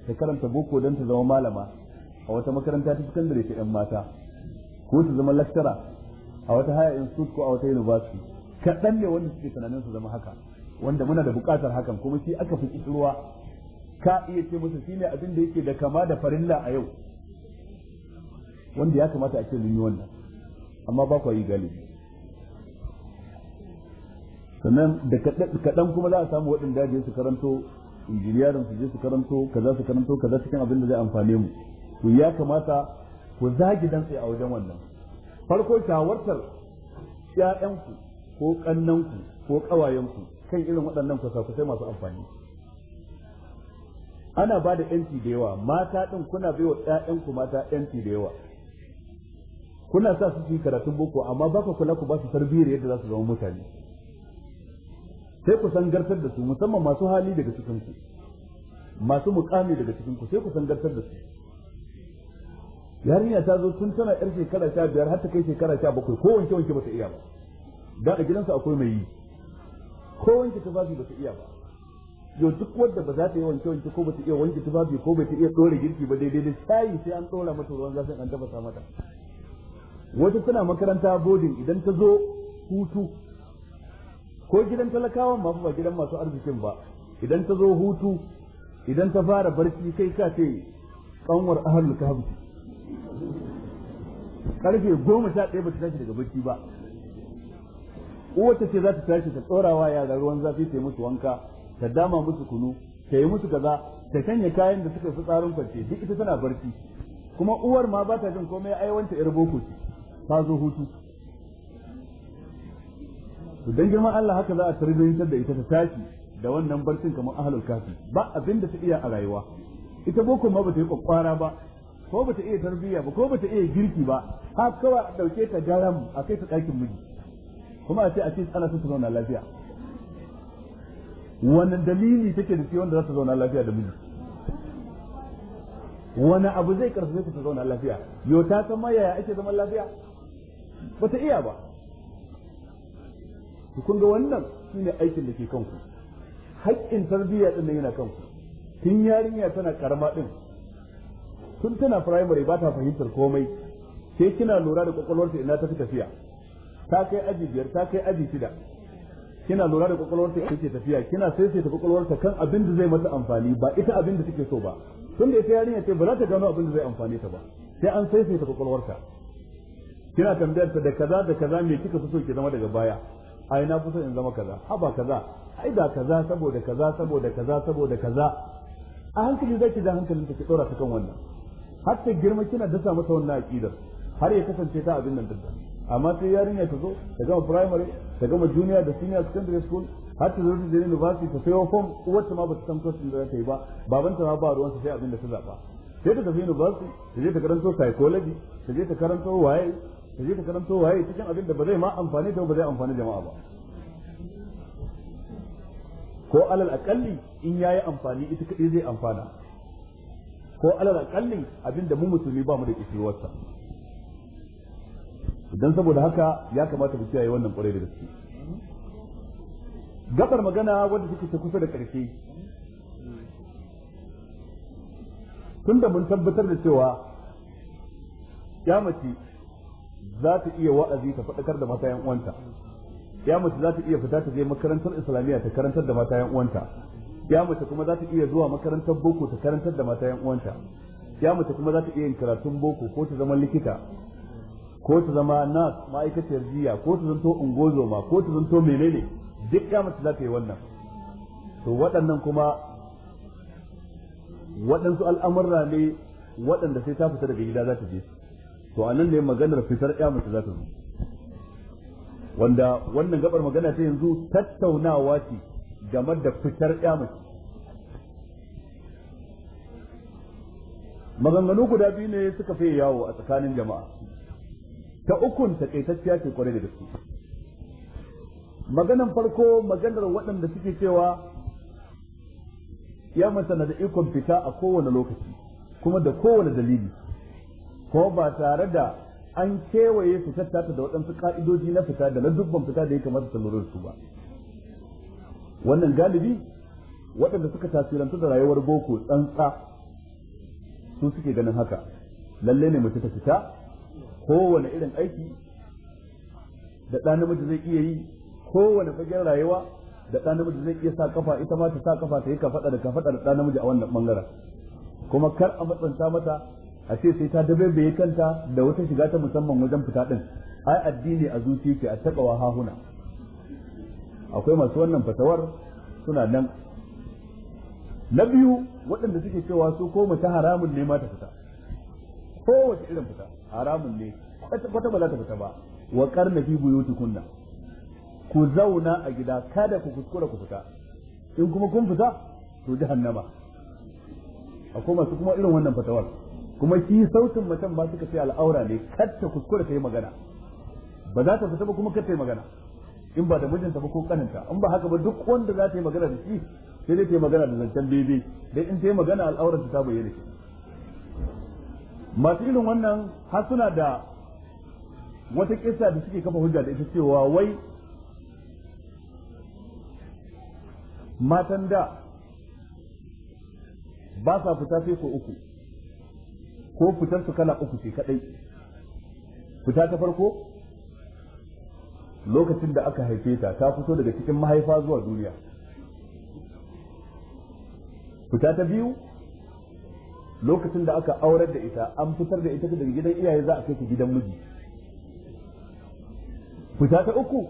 ta karanta boko don ta zama malama a wata makaranta ta sakandare ta 'yan mata ko ta zama lakcara. a wata haya in institute ko a wata university kaɗan ne wanda suke tunanin su zama haka wanda muna da buƙatar hakan kuma shi aka fi kisruwa ka iya ce musu ne abin da yake da kama da farilla a yau wanda ya kamata a ce mun yi wannan amma ba ku yi galibi sannan da kaɗan kuma za a samu waɗanda je su karanto injiniyarin su je su karanto kaza su karanto kaza cikin abin da zai amfane mu to ya kamata ku zagi dan a wajen wannan farko shawartar ƴaƴanku ko ƙannanku ko ƙawayenku kan irin waɗannan kusa-kusai masu amfani ana ba da yanci da yawa mata ɗin kuna baiwa wa ƴaƴanku mata ƴanci da yawa kuna sa su yi karatun boko amma ba ka kula ku ba su tarbiyyar yadda za su zama mutane sai ku san gartar da su musamman masu hali daga cikinku, masu mukami daga cikinku sai ku san gartar da su yarinya ta zo tun tana yar shekara sha biyar har ta kai shekara sha bakwai ko wanke wanke bata iya ba da a gidansa akwai mai yi ko wanke tufafi bata iya ba yau duk wadda ba za ta yi wanke wanke ko bata iya wanke tufafi ko bata iya dore girki ba daidai da shayi sai an tsora mata ruwan zafi an tafasa mata wata tana makaranta bodin idan ta zo hutu ko gidan talakawan ma ba gidan masu arzikin ba idan ta zo hutu idan ta fara barci kai ka ce ahalu ta hamsin. karfe goma sha ɗaya ba ta tashi daga bacci ba wata ce za ta tashi ta tsorawa yara ruwan zafi ta yi musu wanka ta dama musu kunu ta yi musu kaza ta shanya kayan da suka fi tsarin kwance duk ita tana barci kuma uwar ma ba ta jin komai ai wanta yar boko ce ta zo hutu to dan girman Allah haka za a tarbiyyantar da ita ta tashi da wannan barcin kamar ahlul kafi ba abin da ta iya a rayuwa ita boko ma ba ta yi kwakwara ba ko bata iya tarbiyya ba ko bata iya girki ba har kawai a dauke ta garam a kai ta ɗakin miji kuma a ce a ce tsana su ta zauna lafiya wani dalili take da shi wanda za ta zauna lafiya da miji wani abu zai karfafe ku ta zauna lafiya yau ta san ma yaya ake zaman lafiya bata iya ba kun ga wannan shine aikin da ke kanku haƙƙin tarbiyya din yana kanku tun yarinya tana karama din tun tana primary ba ta fahimtar komai sai kina lura da kwakwalwarta ina ta fi tafiya ta kai aji biyar ta kai aji shida kina lura da kwakwalwarta ina ke tafiya kina saisaita kwakwalwarta kan abin da zai mata amfani ba ita abin da take so ba tun da ita yarinya ce ba za ta gano abin da zai amfani ta ba sai an saisaita kwakwalwarta kina tambayar ta da kaza da kaza me kika fi so ki zama daga baya ai na fi so in zama kaza haba kaza ai da kaza saboda kaza saboda kaza saboda kaza a hankali zaki da hankalinta ki dora ta kan wannan Hatta girma kina dasa mata wannan aqidar har ya kasance ta abin nan dinta amma sai yarinya ta zo ta gama primary ta gama junior da senior secondary school har ta zo ta je university ta sayo form wacce ma ba ta san kosin da ta yi ba babanta ma ba sa sai abin da ta zaba sai ta tafi university ta je ta karanto psychology ta je ta karanto waye ta je ta karanto waye cikin abin da ba zai ma amfani da ba zai amfani jama'a ba ko alal akalli in yayi amfani ita kadai zai amfana ko alal akalli abinda mu musulmi ba mu da kishirwarsa idan saboda haka ya kamata mu kiyaye wannan kwarai da gaske gabar magana wanda take ta kusa da ƙarshe. tunda mun tabbatar da cewa kyamace za ta iya wa'azi ta faɗakar da mata uwanta kyamace za ta iya fita ta je makarantar islamiyya ta karantar da mata uwanta ya mace kuma za ta iya zuwa makarantar boko ta karantar da mata yan uwanta ya mace kuma za ta iya yin karatun boko ko ta zama likita ko ta zama nas ma'aikatar jiya ko ta zanto ungozoma ko ta zanto menene duk ya mace za ta yi wannan to waɗannan kuma waɗansu al'amurra ne waɗanda sai ta fita daga gida za ta je to a nan ne maganar fitar ya mace za ta zo wanda wannan gabar magana ta yanzu tattaunawa ce game da fitar ya maganganu guda biyu ne suka fi yawo a tsakanin jama'a ta ukun takaitacciya ce kwarai da gaske maganan farko maganar waɗanda suke cewa ya mata na da ikon fita a kowane lokaci kuma da kowane dalili ko ba tare da an kewaye fitar ta da waɗansu ƙa'idoji na fita da na dubban fita da ya kamata ta lura su ba wannan galibi waɗanda suka tasirantu da rayuwar boko tsantsa su suke ganin haka lalle ne mace ta fita kowane irin aiki da ɗan namiji zai iya yi kowane fagen rayuwa da ɗan namiji zai iya sa kafa ita ma ta sa kafa ta yi ka faɗa da faɗa da ɗan namiji a wannan ɓangaren kuma kar a matsanta mata a ce sai ta dabe bai kanta da wata shiga ta musamman wajen fita ɗin ai addini a zuciya ce a taƙawa hahuna akwai masu wannan fatawar suna nan na biyu waɗanda suke cewa su ko mace haramun ne ma ta fita wace irin fita haramun ne kwata ba za ta fita ba wa karna fi kunna ku zauna a gida kada ku kuskura ku fita in kuma kun fita to jahannama akwai masu kuma irin wannan fatawar kuma shi sautin mutum ba suka ce al'aura ne kar ta kuskura ta yi magana ba za ta fita ba kuma kar ta yi magana in ba da mijinta ba ko kaninta in ba haka ba duk wanda za ta yi magana da shi sai dai ta yi magana da zancen bebe da in ta yi magana al'aurar ta bayyana shi masu irin wannan har suna da wata kisa da suke kafa hujja da ita cewa wai matan da ba sa fita sai ko uku ko fitar su kala uku ce kadai fita ta farko lokacin da aka haife ta ta fito daga cikin mahaifa zuwa duniya fita ta biyu lokacin da aka aurar da ita an fitar da ita daga gidan iyaye za a kai ta gidan miji fita ta uku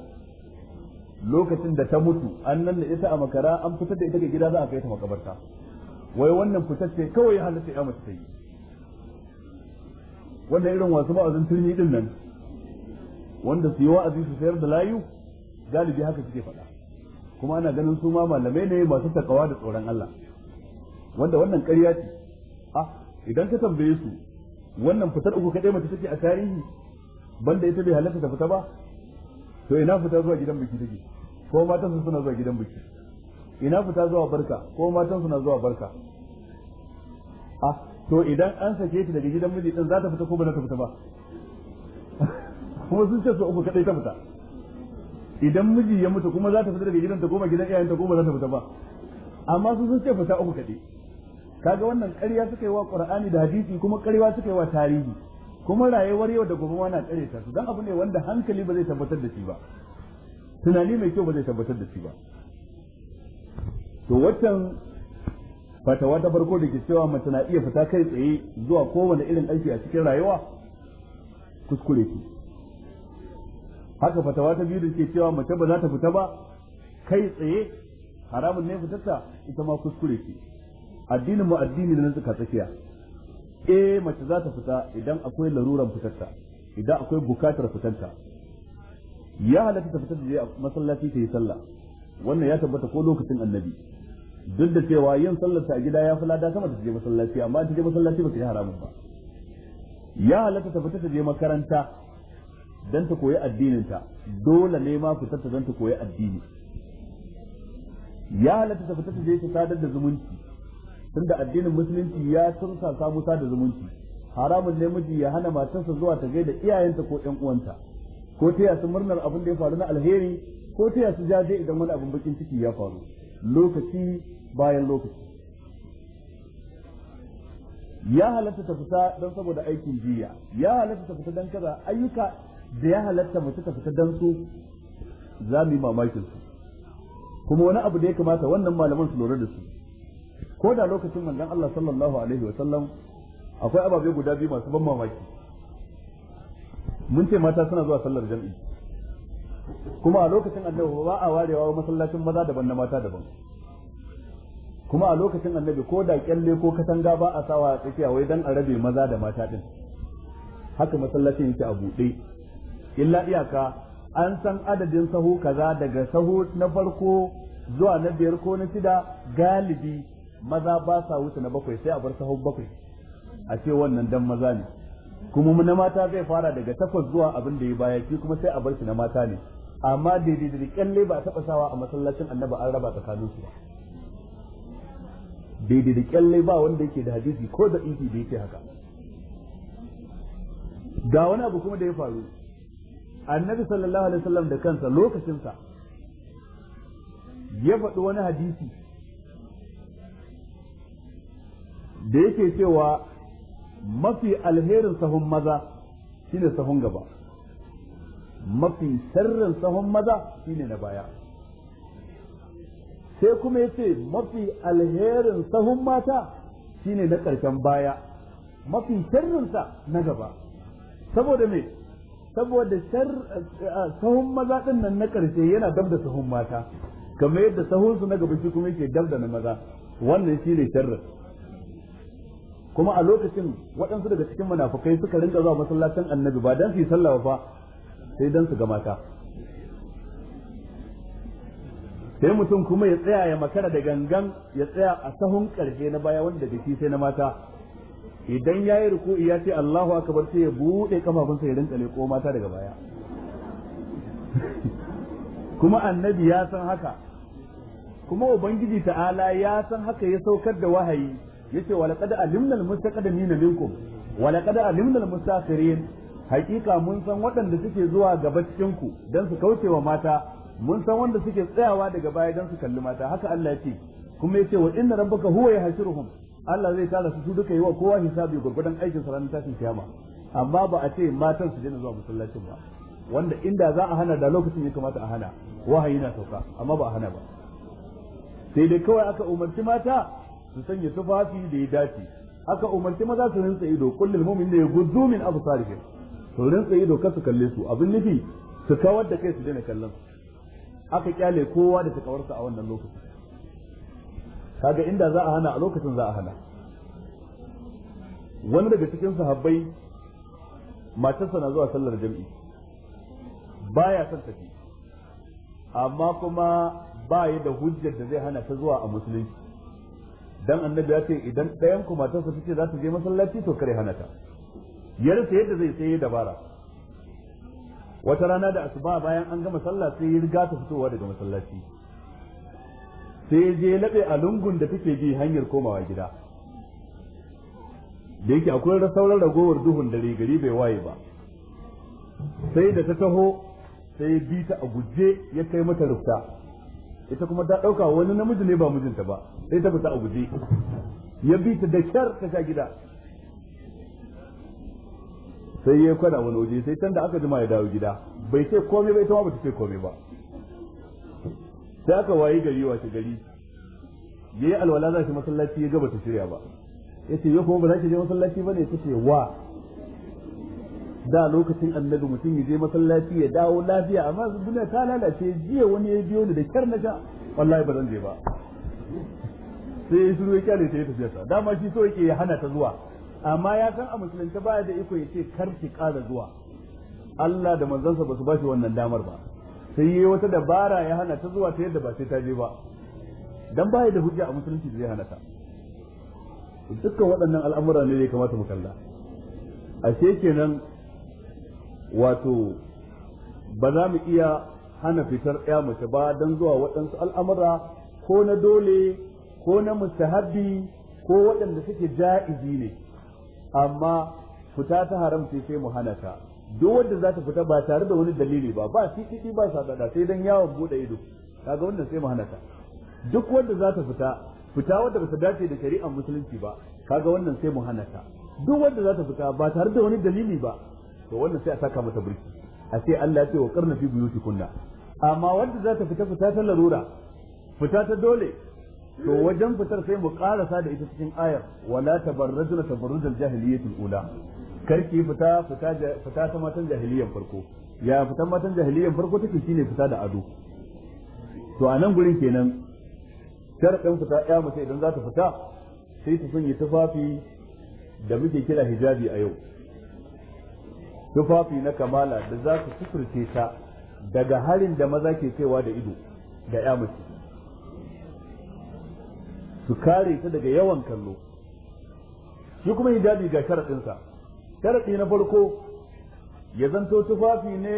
lokacin da ta mutu an nan da ita a makara an fitar da ita daga gida za a kai ta makabarta wai wannan fitar ce kawai halitta ya mace ta yi wannan irin wasu ba'azin turmi din nan wanda su yi wa'azi su sayar da layu galibi haka suke faɗa kuma ana ganin su ma malamai ne masu takawa da tsoron Allah wanda wannan ƙarya ce a idan ka tambaye su wannan fitar uku kadai mace take a tarihi banda ita bai halatta ta fita ba to ina fita zuwa gidan biki take ko matan su suna zuwa gidan biki ina fita zuwa barka ko matan suna zuwa barka a to idan an sake ta daga gidan miji din za ta fita ko ba za ta fita ba kuma sun ce su uku kadai ta fita idan miji ya mutu kuma za ta fita daga gidanta ko ba gidan iyayenta ko ba za ta fita ba amma su sun ce fita uku kadai kaga wannan ƙarya suka yi wa qur'ani da hadisi kuma ƙarya suka yi wa tarihi kuma rayuwar yau da gobe ma na tsare ta su dan abu ne wanda hankali ba zai tabbatar da shi ba tunani mai kyau ba zai tabbatar da shi ba to waccan fatawa ta farko da ke cewa mace na iya fita kai tsaye zuwa kowane irin aiki a cikin rayuwa kuskure ki haka fatawa ta biyu da ke cewa mace ba za ta fita ba kai tsaye haramun ne fitarta ita ma kuskure ce addinin mu addini ne na suka tsakiya eh mace za ta fita idan akwai laruran fitarta idan akwai bukatar fitanta ya halatta ta fita da je masallaci ta yi sallah wannan ya tabbata ko lokacin annabi duk da cewa yin sallar ta a gida ya fi lada sama ta je masallaci amma ta je masallaci ba ta yi haramun ba ya halatta ta fita ta je makaranta dan ta koyi addininta dole ne ma fitar ta dan ta koyi addini ya halatta ta fita ta je ta sadar da zumunci tunda addinin musulunci ya tursa samu da zumunci haramun ne miji ya hana matarsa zuwa ta gaida iyayenta ko ƴan uwanta ko ta su murnar abin da ya faru na alheri ko ta su jaje idan wani abin bakin ciki ya faru lokaci bayan lokaci ya halatta ta fita don saboda aikin jiya ya halatta ta fita don kaza ayyuka da ya halatta mu suka fita dan su za mu yi mamakin su kuma wani abu da ya kamata wannan malaman su lura da su ko da lokacin manzon Allah sallallahu alaihi wa sallam akwai ababe guda biyu masu ban mamaki mun ce mata suna zuwa sallar jami'i kuma a lokacin annabi ba a warewa masallacin maza daban na mata daban kuma a lokacin annabi ko da kyalle ko katanga ba a sawa a tsakiya wai dan a rabe maza da mata din haka masallacin yake a buɗe illa iyaka an san adadin sahu kaza daga sahu na farko zuwa na biyar ko na shida galibi maza ba sa wuce na bakwai sai a bar sahu bakwai a ce wannan dan maza ne kuma na mata zai fara daga takwas zuwa abin da ya baya shi kuma sai a bar shi na mata ne amma daidai da kyalle ba a taɓa sawa a masallacin annabi an raba tsakanin su daidai da kyalle ba wanda yake da hadisi ko da inki da yake haka ga wani abu kuma da ya faru annabi sallallahu alaihi wasallam da kansa lokacinsa ya faɗi wani hadisi da yake cewa mafi alherin sahun maza shine sahun gaba mafi sharrin sahun maza shine na baya sai kuma ya ce mafi alherin sahun mata shine na ƙarshen baya mafi sharrinsa na gaba saboda me saboda shar sahun maza din nan na karshe yana dab da sahun mata kamar yadda sahun su na gaba shi kuma yake dab da na maza wannan shine sharrin kuma a lokacin waɗansu daga cikin munafukai suka rinka zuwa masallacin annabi ba dan su yi sallah ba sai dan su ga mata sai mutum kuma ya tsaya ya makara da gangan ya tsaya a sahun karshe na baya wanda da shi sai na mata idan ya yi ruku'i ya ce Allahu akbar sai ya bude kafafunsa ya rinka leko mata daga baya kuma annabi ya san haka kuma ubangiji ta'ala ya san haka ya saukar da wahayi yace wala qad alimnal mustaqadimin minkum wala qad alimnal mustaqirin haƙiƙa mun san waɗanda suke zuwa gaba cikin ku dan su kauce wa mata mun san wanda suke tsayawa daga baya dan su kalli mata haka Allah ya ce kuma yace wa inna rabbaka huwa yahshuruhum Allah zai tara su duka yi wa kowa hisabi gurgudan aikin sa ranar tashin kiyama amma ba a ce matan su daina zuwa masallacin ba wanda inda za a hana da lokacin ya kamata a hana wahayi na sauka amma ba a hana ba sai dai kawai aka umarci mata su sanya tufafi da ya dace aka umarci maza su rinsa ido kullum mu'min da ya guzu min absarihim to rinsa ido ka su kalle su abin nufi su kawar da kai su daina kallon aka kyale kowa da takawarsa a wannan lokacin kaga inda za a hana a lokacin za a hana wani daga cikin sahabbai matarsa na zuwa sallar jam'i baya son tafi amma kuma ba ya da hujjar da zai hana ta zuwa a musulunci dan annabi ya ce idan ɗayan ku matarsa tace za ta je masallaci to kare hana ta ya rasa yadda zai sai dabara wata rana da asuba bayan an gama sallah sai ya riga ta fitowa daga masallaci sai ya je laɓe a lungun da take bi hanyar komawa gida da yake akwai sauran ragowar duhun dare gari bai waye ba sai da ta taho sai ya bi ta a guje ya kai mata rufta ita kuma ta ɗauka wani namiji ne ba mijinta ba sai ta fita a guje ya bi ta da kyar ta sha gida sai ya kwana wani waje sai can da aka jima ya dawo gida bai sai komai ba ita ma ba ta ce komai ba sai aka wayi gari wace gari ya yi alwala za shi masallaci ya gaba ta shirya ba ya ce yau kuma ba za ki je masallaci ba ne ta ce wa da lokacin annabi mutum ya je masallaci ya dawo lafiya amma duniya ta lalace jiya wani ya biyo ni da kyar na sha wallahi ba zan je ba sai ya shiru ya kyale ta ya tafiya sa dama shi so yake ya hana ta zuwa amma ya san a musulunta baya da iko ya ce kar ki kada zuwa Allah da manzansa ba su ba shi wannan damar ba sai yi wata dabara ya hana ta zuwa ta yadda ba sai ta je ba dan baya da hujja a musulunci da zai hana ta dukkan waɗannan al'amura ne zai kamata mu kalla ashe kenan wato ba za mu iya hana fitar ya mace ba don zuwa waɗansu al'amura ko na dole ko na mustahabbi ko waɗanda suke ja'izi ne amma fita ta haramce sai mu hana ta duk wanda za ta fita ba tare da wani dalili ba ba titi ba sadada sai dan yawon bude ido kaga wannan sai mu duk wanda za ta fita fita wanda ba ta dace da shari'ar musulunci ba kaga wannan sai mu duk wanda za ta fita ba tare da wani dalili ba to wannan sai a saka mata burki a ce Allah ya ce wa karna fi buyutikunna amma wanda za ta fita fita ta larura fita ta dole to wajen fitar sai mu karasa da ita cikin ayar wala tabarrajuna tabarrujal jahiliyatul ula karki fita fita fita ta matan jahiliyan farko ya fita matan jahiliyan farko take shine fita da ado to a nan gurin kenan sharadin fita ya mace idan za ta fita sai ta sanya tufafi da muke kira hijabi a yau tufafi na kamala da za su sufurce ta daga harin da maza ke cewa da ido da ya mace su kare ta daga yawan kallo shi kuma hijabi ga sharaɗinsa sharaɗi na farko ya zanto tufafi ne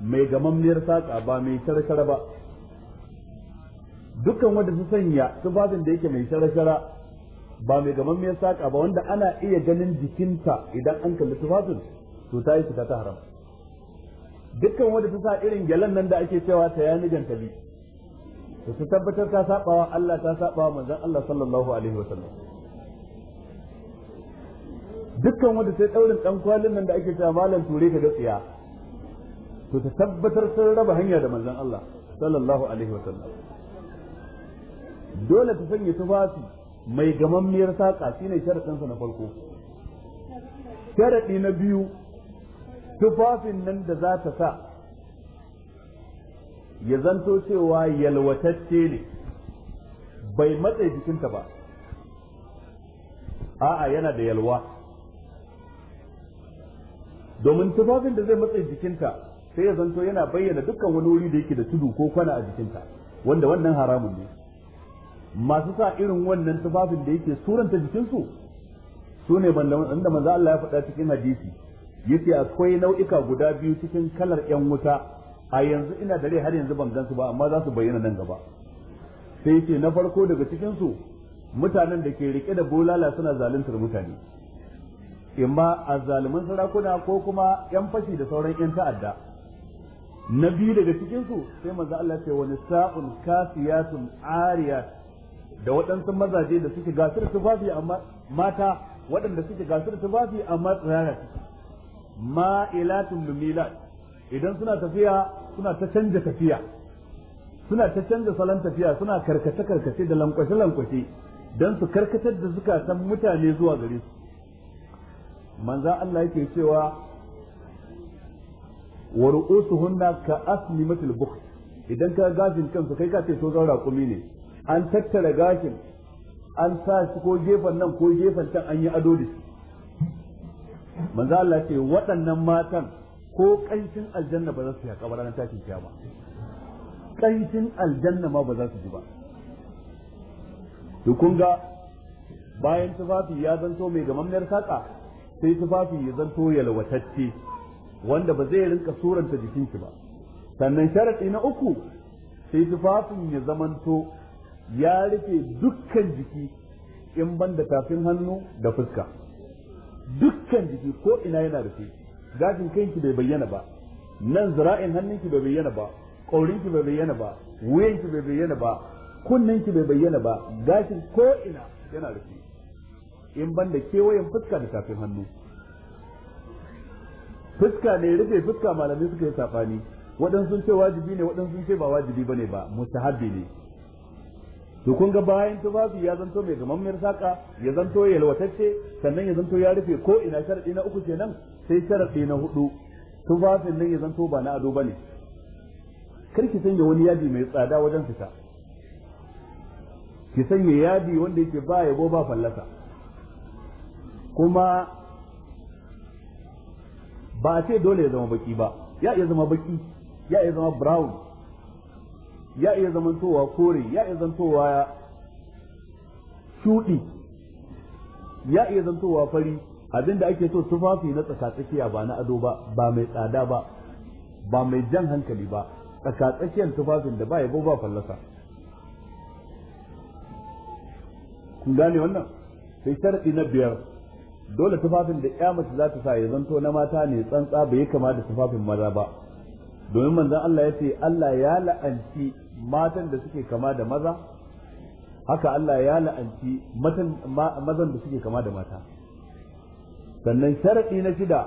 mai gamammiyar saƙa ba mai sharashara ba dukkan wanda su sanya tufafin da yake mai sharashara ba mai gamammiyar saƙa ba wanda ana iya ganin jikinta idan an kalli tufafin to ta yi fita ta haram dukkan wanda su sa irin gyalen nan da ake cewa ta yani tabi to su tabbatar ta wa Allah ta wa manzon Allah sallallahu alaihi wa sallam dukkan wanda sai daurin dan kwalin nan da ake cewa malam ture ta gatsiya, to ta tabbatar sun raba hanya da manzon Allah sallallahu alaihi wa sallam dole ta sanya tufafi mai gamammiyar saƙa shine sharadin sa na farko sharadi na biyu tufafin nan da za ta sa ya zanto cewa yalwatacce ne bai matsayi jikinta ba a'a yana da yalwa domin tufafin da zai matsayi jikinta sai ya zanto yana bayyana dukkan wani wuri da yake da tudu ko kwana a jikinta wanda wannan haramun ne masu sa irin wannan tufafin da yake suranta jikinsu su ne wanda manzo Allah ya faɗa cikin hadisi Yake akwai nau'ika guda biyu cikin kalar 'yan wuta a yanzu ina da rai har yanzu ban gansu ba amma za su bayyana nan gaba sai ce na farko daga cikin su mutanen da ke rike da bulala suna zaluntar mutane imma a zaluman sarakuna ko kuma yan fashi da sauran yan ta'adda na biyu daga cikin su sai manzo Allah ce wani sa'un kafiyatun ariyat da waɗansu mazaje da suke gasar tufafi amma mata waɗanda suke gasar tufafi amma tsirara ma'ilatun lumilat idan suna tafiya suna ta canja tafiya suna ta canza salon tafiya suna karkace karkace da lankwashe lankwashe don su karkatar da zukatan mutane zuwa gare su manzan Allah yake cewa wa hunna ka aslimatil bukh idan ka gashin kansu kai ka ce so zan raƙumi ne an tattara gashin an sa shi ko gefen nan ko gefen can an yi ado da shi manzan Allah ce waɗannan matan ko ƙanshin aljanna ba za su yaƙa ba ranar tashin kiyama kancin aljanna ma ba za su ji ba Dukun bayan tufafi ya zanto mai gamammiyar saƙa sai tufafi ya zanto lawatacce wanda ba zai rinka suranta jikinki ba sannan sharaɗi na uku sai tufafin ya zamanto ya rufe dukkan jiki in ban da tafin hannu da fuska dukkan jiki ko ina yana rufe gashin kanki bai bayyana ba nan zira'in hannunki bai bayyana ba ƙaurinki bai bayyana ba wuyanki bai bayyana ba kunnenki bai bayyana ba gashin ko ina yana rufe in banda kewayen fuska da tafin hannu fuska ne rufe fuska malamai suka yi safani waɗansu ce wajibi ne waɗansu ce ba wajibi bane ba mustahabbi ne to kun ga bayan tufafi ya zanto mai gamammiyar saka ya zanto ya yalwatacce sannan ya zanto ya rufe ko ina sharadi na uku kenan sai sharadi na hudu tufafin nan ya zanto ba na ado bane kar ki sanya wani yadi mai tsada wajen fita ki sanya yadi wanda yake ba yabo ba fallasa kuma ba a ce dole ya zama baki ba ya iya zama baki ya iya zama brown ya iya zamantowa kore ya iya zantowa shuɗi ya iya zantowa fari abinda ake so tufafi na tsakatsakiya ba na ado ba ba mai tsada ba ba mai jan hankali ba tsakatsakiyar tufafin da ba yabo ba fallasa kun gane wannan sai sharadi na biyar dole tufafin da ya mace za ta sa ya zanto na mata ne tsantsa bai kama da tufafin maza ba domin manzan Allah ya ce Allah ya la'anci matan da suke kama da maza haka Allah ya la'anci mazan da suke kama da mata sannan sharaɗi na shida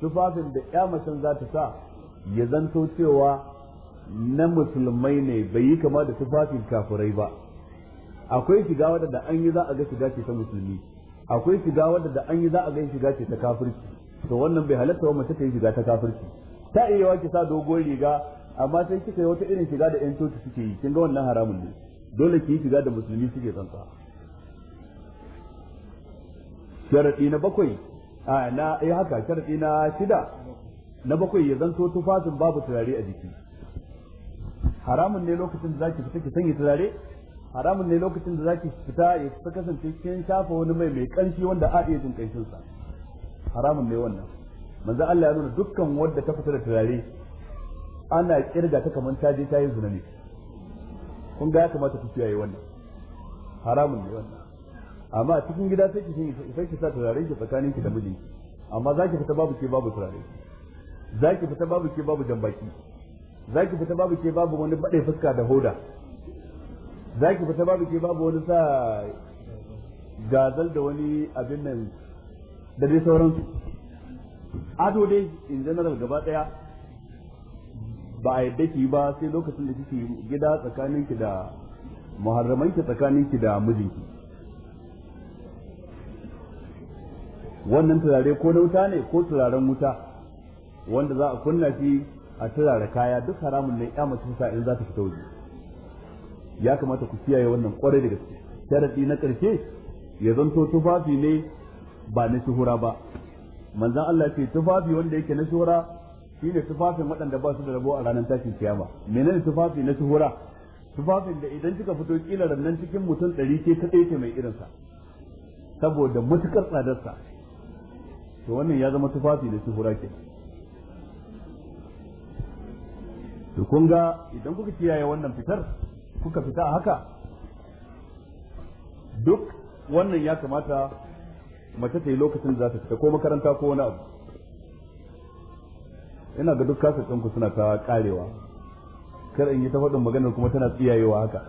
tufafin da ya macen za ta sa ya zanto cewa na musulmai ne bai yi kama da tufafin kafurai ba akwai shiga wadda da an yi za a ga shiga ce ta musulmi akwai shiga wadda da an yi za a ga shiga ce ta kafirci to wannan bai halatta wa mace ta yi shiga ta kafirci ta iya yawa ki sa dogon riga amma sai kika yi wata irin shiga da yan coci suke yi kin ga wannan haramun ne dole ki yi shiga da musulmi suke tsantsa sharadi na bakwai a na eh haka sharadi na shida na bakwai ya zanto tufafin babu turare a jiki haramun ne lokacin da zaki fita ki sanya turare haramun ne lokacin da zaki fita ya kasance kin shafa wani mai mai kanshi wanda a iya jin kanshin sa haramun ne wannan manzo Allah ya nuna dukkan wanda ta fita da turare ana kirga ta kamar ta je ta yi zina ne kun ga ya kamata ku kiyaye wannan haramun ne wannan amma a cikin gida sai ki sai ki sa turare ki tsakanin ki da miji amma zaki fita babu ke babu turare zaki fita babu ke babu jambaki zaki fita babu ke babu wani bade fuska da hoda zaki fita babu ke babu wani sa gazal da wani abin nan da dai sauransu ado dai in general gaba daya ba a yadda ki ba sai lokacin da kike gida tsakanin ki da muharraman ki tsakanin ki da mijinki wannan turare ko na wuta ne ko turaren wuta wanda za a kunna shi a turare kaya duk haramun ne ya mace sa in za ta fita waje ya kamata ku kiyaye wannan kwarai da gaske sharadi na karshe ya zanto tufafi ne ba na shuhura ba manzon Allah ce tufafi wanda yake na shi shine tufafin waɗanda ba su da rabo a ranar tashin kiyama menene tufafi na suhura? tufafin da idan kika fito kila rannan cikin mutum ɗari ke ɗaya ce mai irinsa saboda matukar tsadarsa to wannan ya zama tufafi na shura ke to kun ga idan kuka kiyaye wannan fitar kuka fita a haka duk wannan ya kamata mace ta yi lokacin da za ta fita ko makaranta ko wani abu ina ga duk kasa ku suna ta karewa kar in yi ta faɗin maganar kuma tana tsiyayewa haka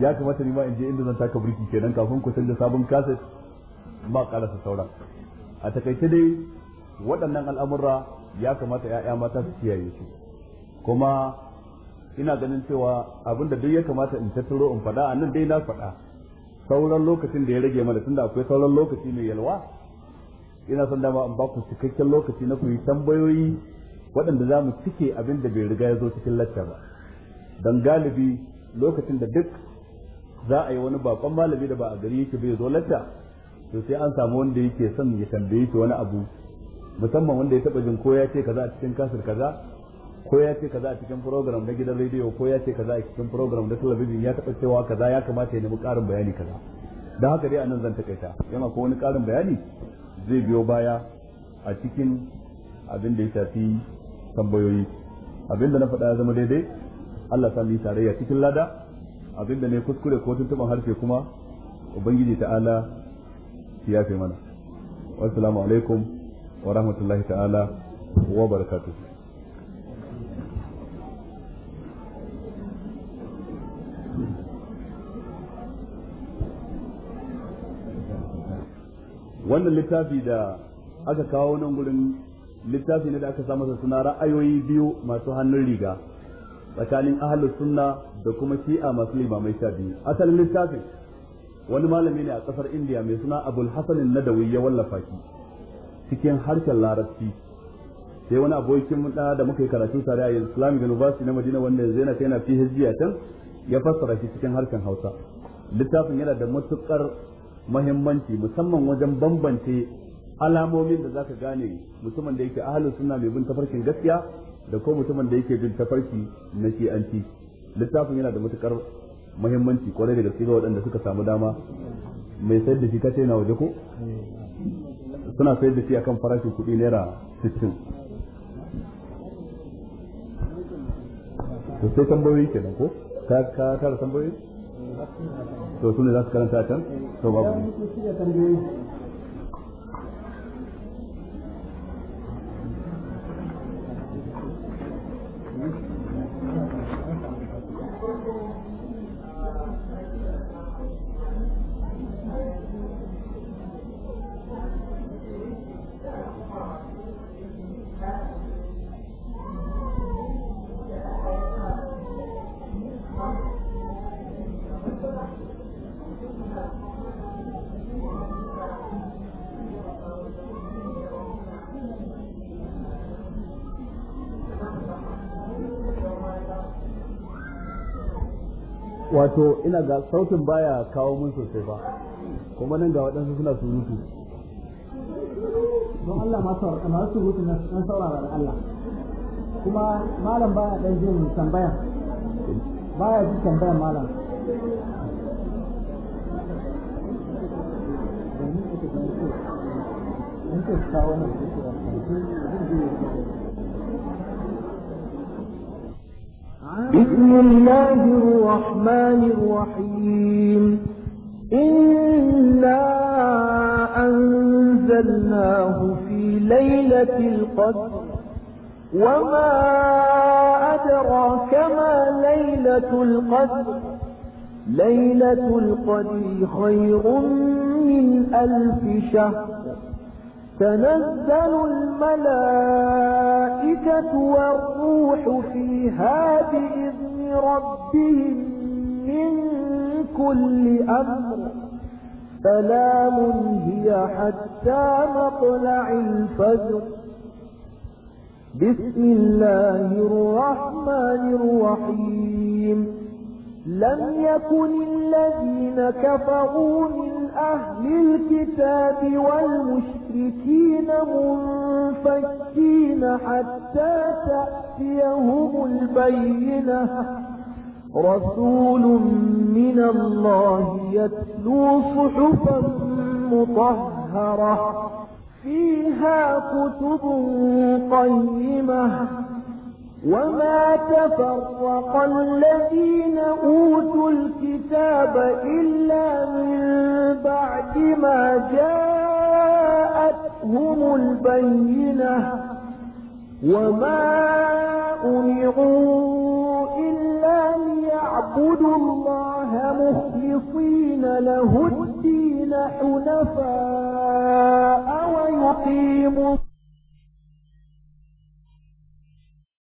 ya kamata ni ma in je inda zan taka birki kenan kafin ku canza sabon kasa ba ƙara karasa sauran a takaice dai waɗannan al'amurra ya kamata 'ya'ya mata su kiyaye su kuma ina ganin cewa abinda duk ya kamata in tattaro in faɗa a nan dai na faɗa sauran lokacin da ya rage mana tunda akwai sauran lokaci mai yalwa ina son dama an ba ku cikakken lokaci na ku yi tambayoyi waɗanda za mu cike abin da bai riga ya zo cikin lacca ba don galibi lokacin da duk za a yi wani bakon malami da ba a gari yake bai zo lacca to sai an samu wanda yake son ya tambaye shi wani abu musamman wanda ya taba jin ko ya ce kaza a cikin kasar kaza ko ya ce kaza a cikin program na gidan rediyo ko ya ce kaza a cikin program na talabijin ya taɓa cewa kaza ya kamata ya nemi ƙarin bayani kaza da haka dai anan zan takaita yana ko wani ƙarin bayani zai biyo baya a cikin abin da ya shafi tambayoyi abin da na faɗa ya zama daidai Allah sami tarayya cikin lada abin da ne kuskure ko tuntuban harshe kuma ubangiji ta'ala ya yafe mana wasu alaikum wa rahmatullahi ta'ala wa barakatuhu wannan littafi da aka kawo nan gurin littafi ne da aka sa masa suna ra'ayoyi biyu masu hannun riga tsakanin ahlus sunna da kuma shi'a masu limamai sha biyu asalin littafin wani malami ne a kasar indiya mai suna abul hasan nadawi ya wallafa shi cikin harshen larabci sai wani abokin da da muka yi karatu tare a islamic university na madina wanda yanzu yana kaina na phd a can ya fassara shi cikin harshen hausa littafin yana da matukar muhimmanci musamman wajen bambance alamomin da zaka gane mutumin da yake ahlus sunna mai bin tafarkin gaskiya da ko mutumin da yake bin tafarki na shi'anci littafin yana da matukar muhimmanci kwarai da gaske ga waɗanda suka samu dama mai sayar da shi kace na waje ko suna sayar da shi akan farashin kuɗi naira 60 to sai tambayoyi kenan ko ka ka tara tambayoyi to su ne za su karanta can to babu wato ina ga sautin baya kawo mun sosai ba kuma nan ga waɗansu suna surutu don Allah masu masu surutu na saurara da Allah kuma malam baya dan jin tambaya baya ji tambaya malam Thank you. بسم الله الرحمن الرحيم إنا أنزلناه في ليلة القدر وما أدراك ما ليلة القدر ليلة القدر خير من ألف شهر تنزل الملائكة والروح فيها بإذن ربهم من كل أمر سلام هي حتى مطلع الفجر بسم الله الرحمن الرحيم لم يكن الذين كفروا من أهل الكتاب والمشركين منفكين حتى تأتيهم البينة رسول من الله يتلو صحفا مطهرة فيها كتب قيمة وما تفرق الذين أوتوا الكتاب إلا من بعد ما جاءتهم البينة وما أمروا إلا ليعبدوا الله مخلصين له الدين حنفاء ويقيموا